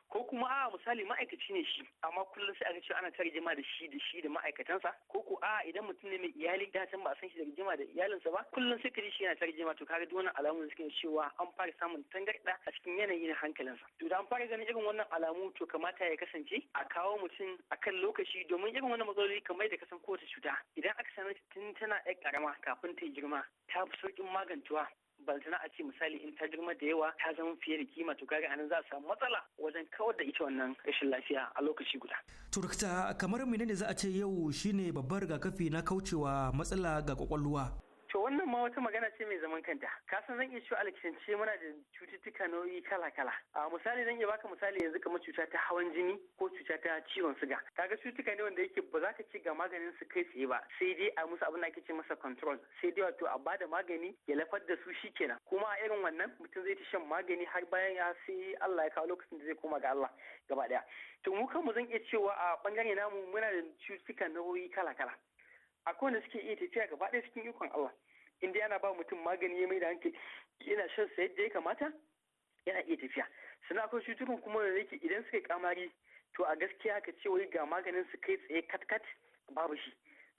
[SPEAKER 9] ko kuma a misali ma'aikaci ne shi amma kullum sai aka ce ana ta rigima da shi da shi da ma'aikatansa ko ko a idan mutum ne mai iyali da can ba a san shi da rigima da iyalinsa ba kullum sai ka ji shi yana ta rigima to kaga duk wannan alamun suke cewa an fara samun tangarɗa a cikin yanayi na hankalinsa to da an fara ganin irin wannan alamu to kamata ya kasance a kawo mutum a kan lokaci domin irin wannan matsaloli kamar da kasan kowace cuta idan aka same ta tun tana ƴar ƙarama kafin ta girma ta fi sauƙin magantuwa baltana a ce misali in ta girma da yawa ta zama fiye da kima to kaga anan za a samu matsala wajen kawar da ita wannan rashin lafiya a lokaci
[SPEAKER 1] guda. To kamar menene za a ce yau shine babbar rigakafi na kaucewa matsala ga kwakwalwa?
[SPEAKER 9] To wannan ma wata magana ce mai zaman kanta. Kasan zan iya cewa alkishance muna da cututtuka nau'i kala-kala. A misali zan iya baka misali yanzu kamar cuta ta hawan jini ko cuta ta ciwon suga. Kaga cutuka ne wanda yake ba za ka ci ga maganin su kai tsaye ba. Sai dai a musu abin da ake ce masa control. Sai dai wato a bada magani ya lafar da su kenan. Kuma a irin wannan mutum zai ta shan magani har bayan ya sai Allah ya kawo lokacin da zai koma ga Allah gaba daya. To mu kanmu zan iya cewa a bangare namu muna da cututtuka nau'i kala-kala. akwai wanda suke iya tafiya gaba ɗaya cikin ikon Allah in dai ana ba mutum magani ya mai da hankali yana shan sa yadda ya kamata yana iya tafiya sannan akwai cututtukan kuma da yake idan suka kamari to a gaskiya ka ce wai ga maganin su kai tsaye katkat babu shi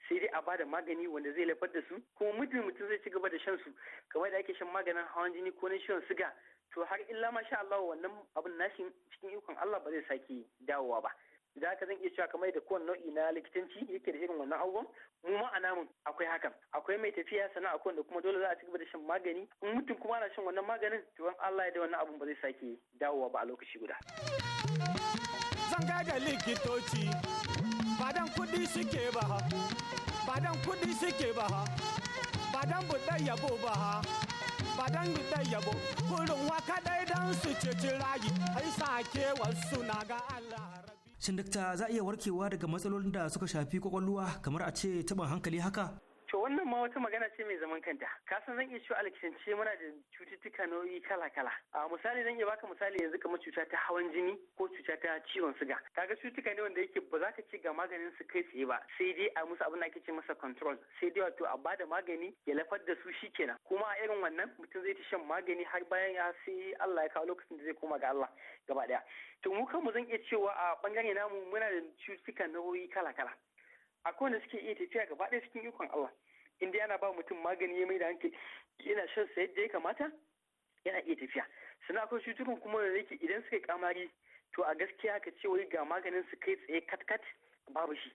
[SPEAKER 9] sai dai a bada magani wanda zai lafar da su kuma mutum mutum zai ci gaba da shan su kamar da ake shan maganin hawan jini ko na shan siga to har illa ma sha Allah wannan abun nashin cikin ikon Allah ba zai sake dawowa ba da aka zan iya cewa kamar da kowane nau'i na likitanci yake da irin wannan abubuwan mu ma a namun akwai hakan akwai mai tafiya sana'a akwai wanda kuma dole za a ci gaba da shan magani in mutum kuma ana shan wannan maganin to Allah ya da wannan abun ba zai sake dawowa ba a lokaci guda zan ga likitoci ba dan kudi suke ba ha ba dan kudi suke ba ha ba dan buɗe yabo ba ha ba dan buɗe yabo kurin waka kaɗai dan su ci
[SPEAKER 1] rayu ai sake wasu na ga Allah Shin dakta za a iya warkewa daga matsalolin da suka shafi kwakwalwa kamar a ce taɓin hankali haka? To
[SPEAKER 9] wannan ma wata magana ce mai zaman kanta. Kasan zan iya cewa alkishance muna da cututtuka nau'i kala-kala. A misali zan iya baka misali yanzu kamar cuta ta hawan jini ko cuta ta ciwon suga. Kaga cututtuka ne wanda yake ba za ka ci ga maganin su kai tsaye ba. Sai dai a musu abin da ake ce masa control. Sai dai wato a bada magani ya lafar da su shi kenan. Kuma a irin wannan mutum zai ta shan magani har bayan ya sai Allah ya kawo lokacin da zai koma ga Allah gaba daya. To mu kanmu zan iya cewa a bangare namu muna da cututtuka nau'i kala-kala. akwai wanda suke iya tafiya gaba ɗaya cikin ikon Allah inda yana ba mutum magani ya mai da hankali yana shan sa yadda ya kamata yana iya tafiya sannan akwai cututtukan kuma da yake idan suka kamari to a gaskiya ka ce wai ga maganin su kai tsaye kat kat babu shi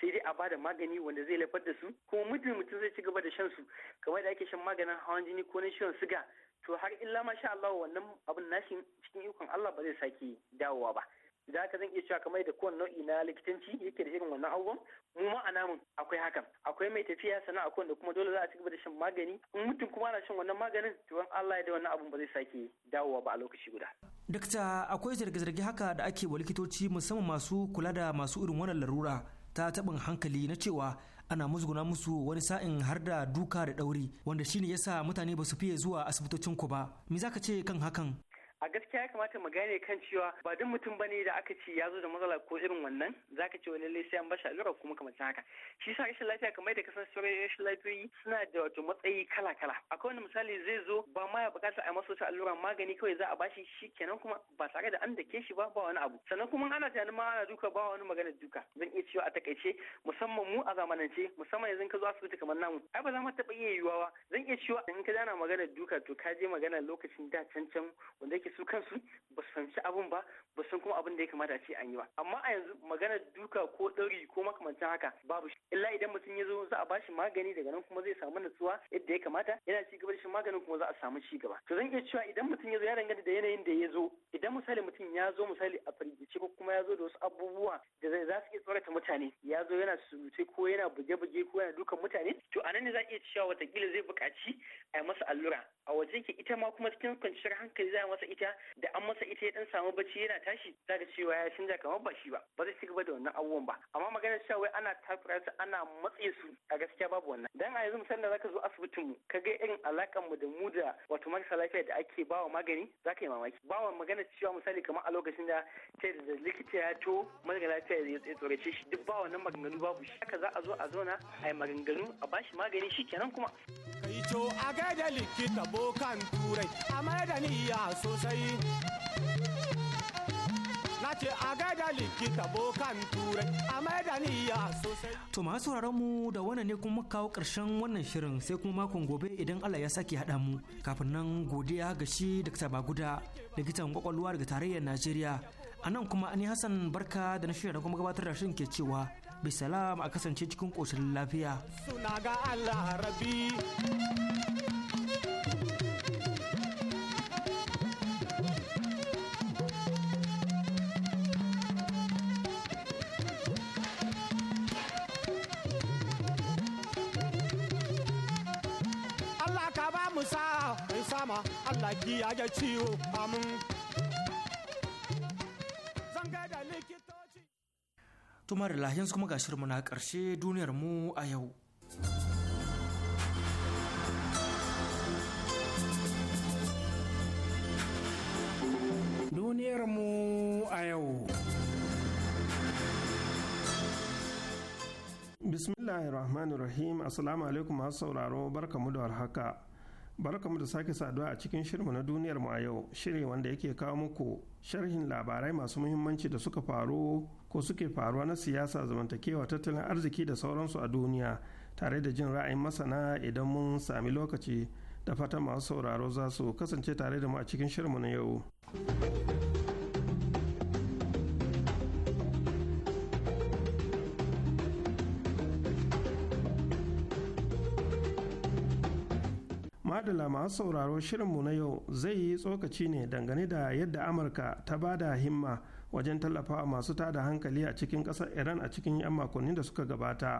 [SPEAKER 9] sai dai a bada magani wanda zai lafar da su kuma mutum mutum zai ci gaba da shan su kamar da ake shan maganin hawan jini ko na ciwon siga to har illa ma sha Allah wannan abin nashin cikin ikon Allah ba zai sake dawowa ba da haka zan iya cewa kamar da kowane nau'i na likitanci yake da irin wannan abubuwan mu ma a namun akwai hakan akwai mai tafiya sana akwai wanda kuma dole za a ci gaba da shan magani in mutum kuma ana shan wannan maganin to an Allah ya da wannan abun ba zai sake dawowa ba a lokaci guda
[SPEAKER 1] dakta akwai zarge-zarge haka da ake wa likitoci musamman masu kula da masu irin wannan larura ta taɓin hankali na cewa ana musguna musu wani sa'in har da duka da ɗauri wanda shine yasa mutane ba su fiye zuwa asibitocin ku ba me zaka ce kan
[SPEAKER 10] hakan
[SPEAKER 9] a gaskiya ya kamata mu gane kan cewa ba duk mutum bane da aka ce ya zo da matsala ko irin wannan zaka ce wani lallai sai an bashi allura kuma kamar haka shi sa rashin lafiya kamar da kasan sauran rashin lafiyoyi suna da wato matsayi kala kala akwai wani misali zai zo ba ma ya bukata a masa wata allura magani kawai za a bashi shi kenan kuma ba tare da an da ke shi ba ba wani abu sannan kuma ana tunanin ma ana duka ba wani magana duka zan iya cewa a takaice musamman mu a zamanance musamman yanzu ka zo asibiti kamar namu ai ba za mu taɓa iya yiwuwa ba zan iya cewa in ka dana magana duka to ka je magana lokacin da can can wanda yake su kansu ba su fahimci abin ba ba san kuma abin da ya kamata a ce an yi ba amma a yanzu magana duka ko ɗauri ko makamancin haka babu shi illa idan mutum ya zo za a bashi magani daga nan kuma zai samu natsuwa yadda ya kamata yana ci gaba da shi maganin kuma za a samu ci gaba to zan iya cewa idan mutum ya zo ya danganta da yanayin da ya zo idan misali mutum ya zo misali a firgice ko kuma ya zo da wasu abubuwa da za su iya tsorata mutane ya zo yana surute ko yana buge-buge ko yana dukan mutane to a nan ne za a iya cewa watakila zai buƙaci a yi masa allura a wajen ke ita ma kuma cikin kwanciyar hankali za a masa ita da an masa ita ya dan samu bacci yana tashi zaka cewa ya canza kamar ba shi ba ba zai ci gaba da wannan abubuwan ba amma maganar cewa wai ana takura su ana matse su a gaskiya babu wannan dan a yanzu musamman zaka zo asibitin mu ka ga irin alakan mu da mu da wato marasa lafiya da ake bawa magani zaka yi mamaki bawa magana cewa misali kamar a lokacin da ta da likita ya to marasa lafiya ya tsorace shi duk ba wannan maganganu babu shi haka za a zo a zauna a yi maganganu a bashi magani shi kenan kuma kai to a gaida likita bokan turai a mai da niyya
[SPEAKER 1] sosai sosai na ce a gaida likita bokan turai a maida niyya sosai to sauraron mu da wannan ne kuma kawo karshen wannan shirin sai kuma makon gobe idan Allah ya sake haɗa mu kafin nan godiya ga shi Dr. Baguda likitan kwakwalwa daga tarayyar Najeriya a nan kuma Ani Hassan Barka da na shirya da kuma gabatar da shirin ke cewa salama a kasance cikin ƙoshin lafiya
[SPEAKER 7] suna ga
[SPEAKER 4] Allah rabi
[SPEAKER 9] Allah ki ya ga ciwo
[SPEAKER 1] yanzu kuma ga shirmu na ƙarshe duniyar mu a yau.
[SPEAKER 8] Duniyar mu a yau. Bismillahirrahmanirrahim Assalamu alaikum masu sauraro barkamu da warhaka. barkamu da sake saduwa a cikin shirmu na duniyar mu a yau shirin wanda yake kawo muku sharhin labarai masu muhimmanci da suka faru ko suke faruwa na siyasa zamantakewa tattalin arziki da sauransu a duniya tare da jin ra'ayin masana idan mun sami lokaci da fata masu sauraro za su kasance tare da mu a cikin shirmu na yau. adala masu sauraro shirinmu na yau zai yi tsokaci ne dangane da yadda amurka ta ba da himma wajen tallafawa masu tada hankali a cikin kasar iran a cikin 'yan makonni da suka gabata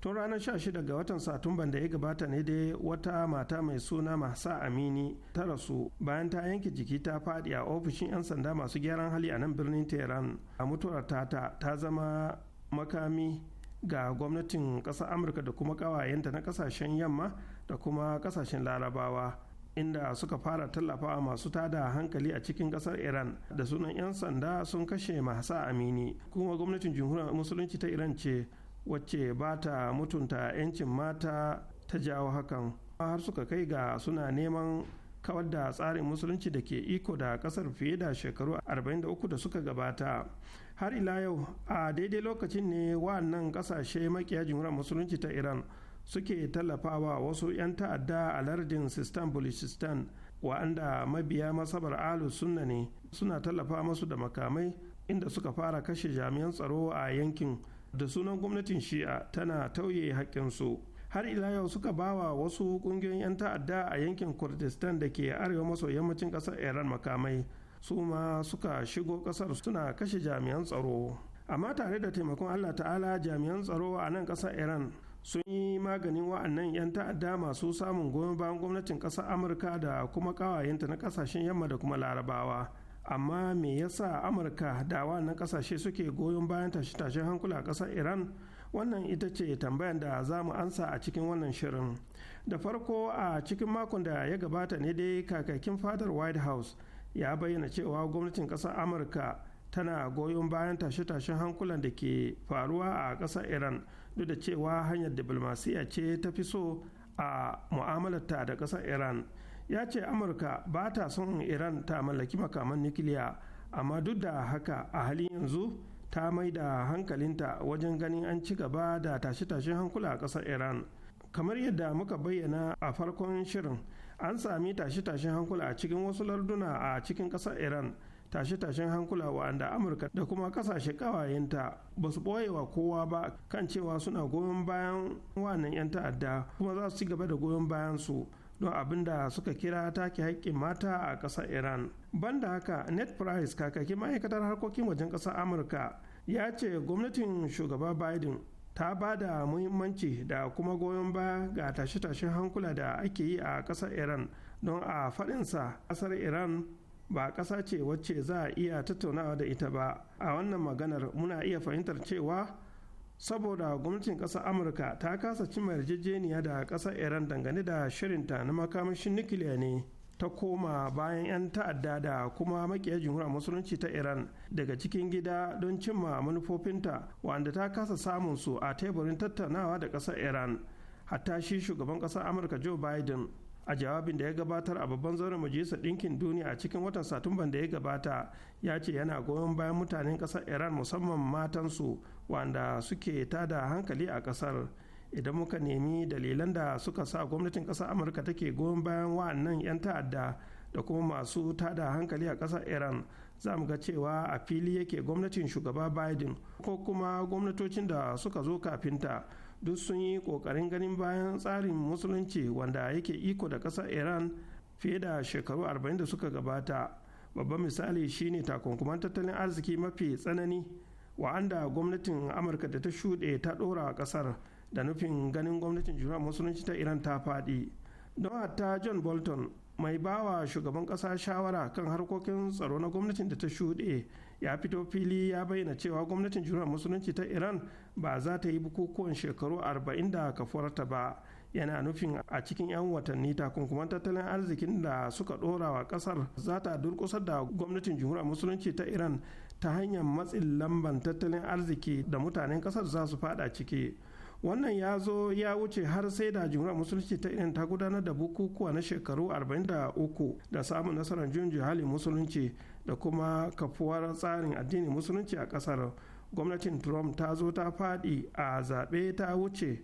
[SPEAKER 8] tun ranar 16 ga watan satumban da ya gabata ne dai wata mata mai suna masa amini ta rasu bayan ta yanke jiki ta faɗi a ofishin 'yan sanda masu gyaran hali a nan birnin tehran a mutuwar tata ta zama makami ga gwamnatin ƙasar amurka da kuma ƙawayenta na ƙasashen yamma da kuma ƙasashen larabawa inda suka fara tallafawa masu tada hankali a cikin ƙasar iran da sunan 'yan sanda sun kashe mahasa amini kuma gwamnatin jamhuriyar musulunci ta iran ce wacce ba ta mutunta 'yancin mata ta jawo hakan har suka kai ga suna neman kawar da tsarin musulunci da ke iko da kasar fiye da shekaru 43 da suka gabata har ila yau a daidai lokacin ne wa'annan kasashe makiya jimurar musulunci ta iran suke tallafawa wasu 'yan ta'adda a lardin sistan bulishistan wa'anda mabiya masabar alu sunna ne suna tallafa masu da makamai inda suka fara kashe jami'an tsaro a yankin da sunan gwamnatin shi'a tana tauye haƙƙinsu. su har ila yau suka ba wa wasu kungiyoyin 'yan ta'adda a yankin kurdistan da ke arewa maso yammacin kasar iran makamai su ma suka shigo kasar suna kashe jami'an tsaro amma tare da taimakon allah ta'ala jami'an tsaro a nan kasar iran sun yi maganin wa'annan 'yan ta'adda masu samun goyon bayan gwamnatin kasar amurka da kuma kawayenta na kasashen yamma da kuma larabawa amma me yasa amurka da wa'annan kasashe suke goyon bayan tashe-tashen hankula a kasar iran wannan ita ce tambayan da za mu ansa a cikin wannan shirin da farko a cikin makon da ya gabata ne dai kakakin fadar white house ya bayyana cewa gwamnatin ƙasar amurka tana goyon bayan tashe-tashen hankulan da ke faruwa a ƙasar iran duk da cewa hanyar diplomasiya ce ta fi so a mu'amalarta da ƙasar iran ya ce amurka ba ta son iran ta mallaki makaman nukiliya amma duk da haka a halin yanzu ta mai da hankalinta wajen ganin an ci gaba da tashe-tashen hankula a ƙasar iran kamar yadda muka bayyana a farkon shirin an sami tashe-tashen hankula a cikin wasu larduna a cikin ƙasar iran tashe-tashen hankula wa'anda amurka da kuma ƙasashe ƙawayenta ba su wa kowa ba kan cewa suna goyon bayan wannan 'yan ta'adda kuma za su ci gaba da goyon bayan su don abin da suka kira take haƙƙin mata a ƙasar iran banda haka net price kakakin ma'aikatar harkokin wajen ƙasar amurka ya ce gwamnatin shugaba biden ta ba da muhimmanci da kuma goyon ba ga tashe-tashen hankula da ake yi a ƙasar iran don a faɗinsa ƙasar iran ba ƙasa ce wacce za a iya tattaunawa da ita ba a wannan maganar muna iya fahimtar cewa saboda gwamnatin ƙasar amurka ta kasa cimma yarjejeniya da ƙasar iran dangane da shirinta na makamashin nukiliya ne ta koma bayan 'yan ta'adda da kuma makiyar jumhuriyar musulunci ta iran daga cikin gida don cimma manufofinta wanda ta kasa samun su a teburin tattaunawa da ƙasar iran hatta shi shugaban ƙasar amurka joe biden a jawabin da ya gabatar a babban zauren majalisar ɗinkin duniya a cikin watan satumban da ya gabata ya ce yana goyon bayan mutanen ƙasar iran musamman matansu wanda suke tada hankali a ƙasar idan muka nemi dalilan da suka sa gwamnatin ƙasar amurka take goyon bayan wa'annan 'yan ta'adda da kuma masu tada hankali a ƙasar iran za mu ga cewa a fili yake gwamnatin shugaba biden ko kuma gwamnatocin da suka zo kafinta duk sun yi ƙoƙarin ganin bayan tsarin musulunci wanda yake iko da ƙasar iran fiye da shekaru 40 da suka gabata babban misali shine takunkuman tattalin arziki mafi tsanani wa'anda gwamnatin amurka da ta shuɗe ta ɗora a ƙasar da nufin ganin gwamnatin jura musulunci ta iran ta faɗi don hatta john bolton mai bawa shugaban ƙasa shawara kan harkokin tsaro na gwamnatin da ta shuɗe ya fito fili ya bayyana cewa gwamnatin jura musulunci ta iran ba za ta yi bukukuwan shekaru arba'in da kafuwarta ba yana nufin a cikin 'yan watanni takunkuman tattalin arzikin da suka ɗora wa kasar za ta durkusar da gwamnatin jamhuriyar musulunci ta iran ta hanyar matsin lamban tattalin arziki da mutanen kasar za su fada ciki wannan ya zo ya wuce har sai da jumhuriyar musulunci ta irin ta gudanar da bukukuwa na shekaru 43 da samun nasarar juyin halin musulunci da kuma kafuwar tsarin addinin musulunci a kasar gwamnatin trump ta zo ta fadi a zaɓe ta wuce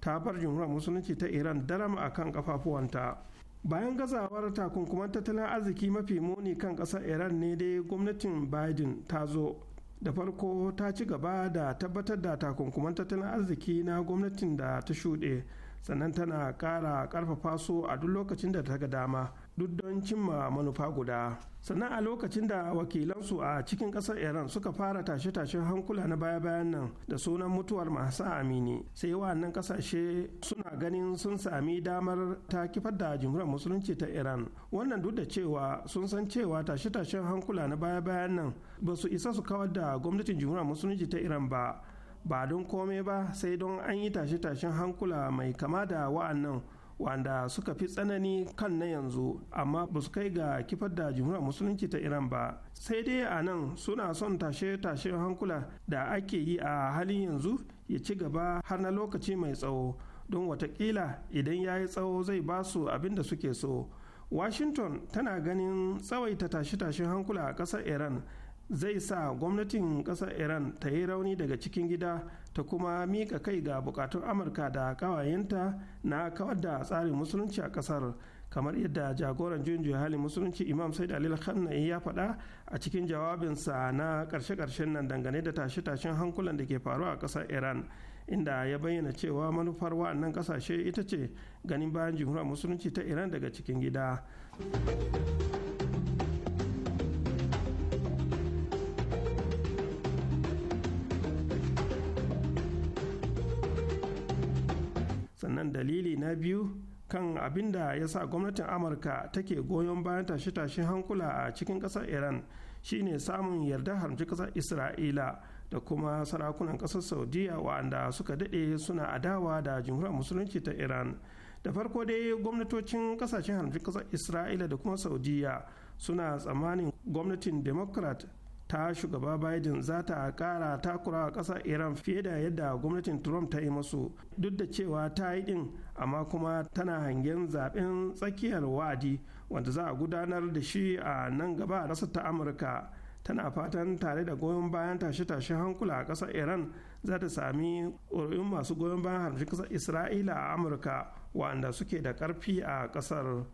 [SPEAKER 8] ta bar jumhuriyar musulunci ta iran daram a kan kafafuwanta bayan gazawar takunkuman tattalin arziki mafi muni kan ƙasar iran ne dai gwamnatin biden ta zo da farko ta ci gaba da tabbatar da takunkuman tattalin arziki na gwamnatin da ta shuɗe sannan tana ƙara ƙarfafa su a duk lokacin da ta ga dama duk don cimma manufa guda sannan a lokacin da wakilansu a cikin kasar iran suka fara tashe-tashen hankula na baya-bayan nan da sunan mutuwar masu amini sai wa'annan kasashe suna ganin sun sami damar ta kifar da jimhuriyar musulunci ta iran wannan duk da cewa sun san cewa tashe-tashen hankula na baya-bayan nan ba su isa su kawar da gwamnatin jimhuriyar musulunci ta iran ba ba don komai ba sai don an yi tashe-tashen hankula mai kama da wa'annan wanda suka fi tsanani kan na yanzu amma ba su kai ga kifar da jumhuriyar musulunci ta iran ba sai dai a nan suna son tashe-tashen hankula da ake yi a halin yanzu ya ci gaba har na lokaci mai tsawo don watakila idan ya yi tsawo zai ba su abin da suke so washington tana ganin tsawaita tashe-tashen hankula a ƙasar iran zai sa gwamnatin ƙasar iran ta yi rauni daga cikin gida ta kuma mika kai ga bukatun amurka da kawayenta na kawar da tsarin musulunci a ƙasar kamar yadda jagoran juyin halin musulunci imam said alil khanna'i ya faɗa a cikin jawabinsa na ƙarshe-ƙarshen nan dangane da tashe-tashen hankulan da ke faruwa a ƙasar iran inda ya bayyana cewa manufar wa'annan ƙasashe ita ce ganin bayan jimhuriyar musulunci ta iran daga cikin gida dalili na biyu kan abin da ya sa gwamnatin amurka take goyon bayan tashe-tashen hankula a cikin ƙasar iran shine samun yarda harmci ƙasar isra'ila da kuma sarakunan ƙasar saudiya wa'anda suka daɗe suna adawa da jamhuriyar musulunci ta iran da farko dai gwamnatocin ƙasashen harmci ƙasar isra'ila da kuma saudiya suna tsammanin gwamnatin democrat ta shugaba biden za ta kara takura a ƙasar iran fiye da yadda gwamnatin trump ta yi masu duk da cewa ta yi din amma kuma tana hangen zaben tsakiyar wa'adi wanda za a gudanar da shi a nan gaba a ta amurka tana fatan tare da goyon bayan tashe-tashen hankula a ƙasar iran za ta sami ƙuri'un masu goyon bayan harshen ƙasar isra'ila a amurka wanda suke da ƙarfi a ƙasar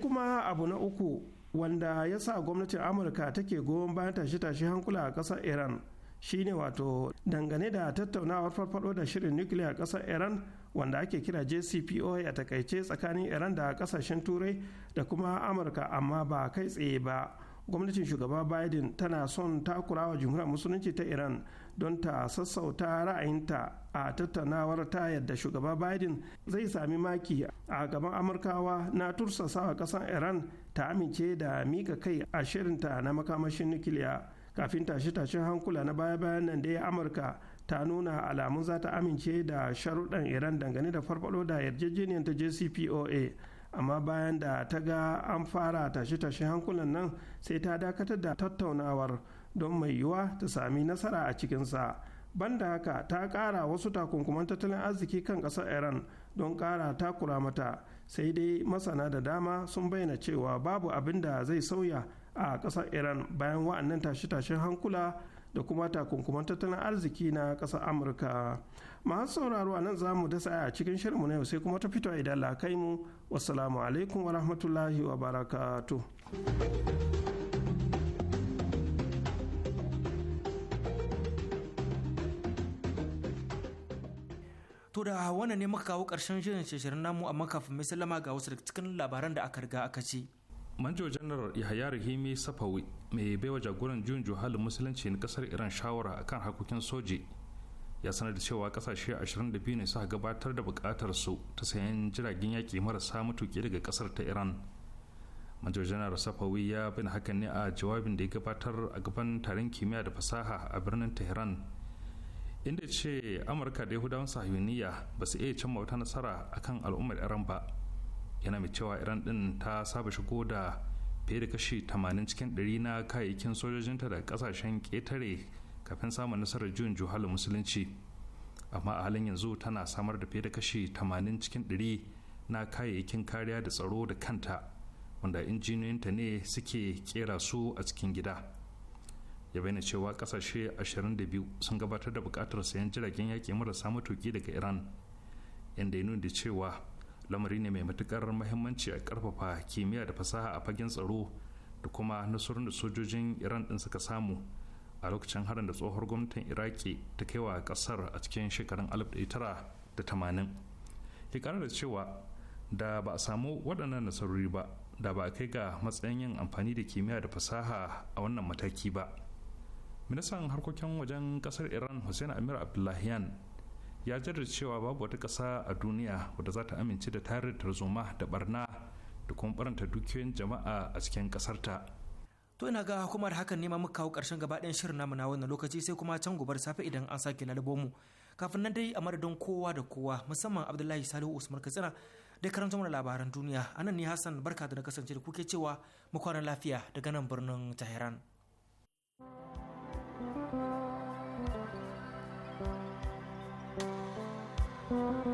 [SPEAKER 8] kuma abu na uku wanda ya sa gwamnatin amurka take goyon bayan tashe-tashe hankula a ƙasar iran shine wato dangane da tattaunawar farfado da shirin nukiliya ƙasar iran wanda ake kira jcpoa a takaice tsakanin iran da kasashen turai da kuma amurka amma ba kai tsaye ba gwamnatin shugaba biden tana son takurawa jumhuriyar musulunci ta iran don ta sassauta ra'ayinta a tattaunawar ta yadda shugaba biden zai sami maki a gaban amurkawa na tursasawa kasan iran ta amince da mika kai a shirinta na makamashin nukiliya kafin tashe-tashen hankula na baya-bayan nan da ya amurka ta nuna alamun za ta amince da sharuɗan iran dangane da farfado da yarjejeniyar ta jcpoa amma bayan da ta ga an fara tashe-tashen hankulan nan sai ta dakatar da tattaunawar don mai yiwuwa ta sami nasara a cikinsa banda haka ta kara wasu takunkuman tattalin arziki kan kasar iran don ƙara takura mata sai dai masana da dama sun bayyana cewa babu abin da zai sauya a kasar iran bayan wa'annan tashe-tashen hankula da kuma takunkuman tattalin arziki na kasar amurka masu sauraro a nan za mu dasa a cikin shirinmu na yau sai kuma ta fito idan la mu wassalamu alaikum wa rahmatullahi wa barakatu.
[SPEAKER 1] To da wannan ne muka kawo ƙarshen
[SPEAKER 2] shirin shirin namu amma kafin mai sallama ga wasu daga cikin labaran da aka riga aka ce. Manjo Janar Yahaya Rahimi Safawi mai baiwa jagoran juyin juhalin musulunci na kasar Iran shawara akan harkokin soji ya sanar da cewa kasashe 22 ne suka gabatar da bukatar su ta sayan jiragen yaƙi marasa matuƙi daga kasar ta Iran. Manjo Janar Safawi ya bin hakan ne a jawabin da ya gabatar a gaban taron kimiyya da fasaha a birnin Tehran inda ce amurka da yahudawan sahiyuniya ba su iya cimma wata nasara a kan al'ummar iran ba yana mai cewa iran din ta saba shigo da fiye da kashi 80 cikin 100 na kayayyakin sojojinta da kasashen ketare kafin samun nasarar juyin juhal musulunci amma a halin yanzu tana samar da fiye da kashi 80 cikin 100 na kayayyakin kariya da tsaro da kanta wanda injiniyoyinta ne suke kera su a cikin gida. ya bayyana cewa kasashe 22 sun gabatar da bukatar sayan jiragen yaƙi marasa matuki daga iran inda ya nuna cewa lamari ne mai matukar mahimmanci a karfafa kimiyya da fasaha a fagen tsaro da kuma nasarar da sojojin iran din suka samu a lokacin harin da tsohuwar gwamnatin iraki ta kai wa kasar a cikin shekarun 1980 ya kara da cewa da ba a samu waɗannan nasarori ba da ba a kai ga matsayin yin amfani da kimiyya da fasaha a wannan mataki ba ministan harkokin wajen kasar iran hussein amir abdullahian ya jarda cewa babu wata kasa a duniya wadda za ta amince da tarin tarzoma da barna da kuma baranta dukiyoyin jama'a a cikin kasarta.
[SPEAKER 1] to ina ga hukumar hakan nema muka kawo ƙarshen gaba ɗayan shirin namu na wannan lokaci sai kuma can gobar safe idan an sake lalubo mu kafin nan dai a madadin kowa da kowa musamman abdullahi salihu usman katsina da karanta mana labaran duniya anan ne hassan barka da na kasance da kuke cewa mu kwana lafiya daga nan birnin tehran
[SPEAKER 10] thank you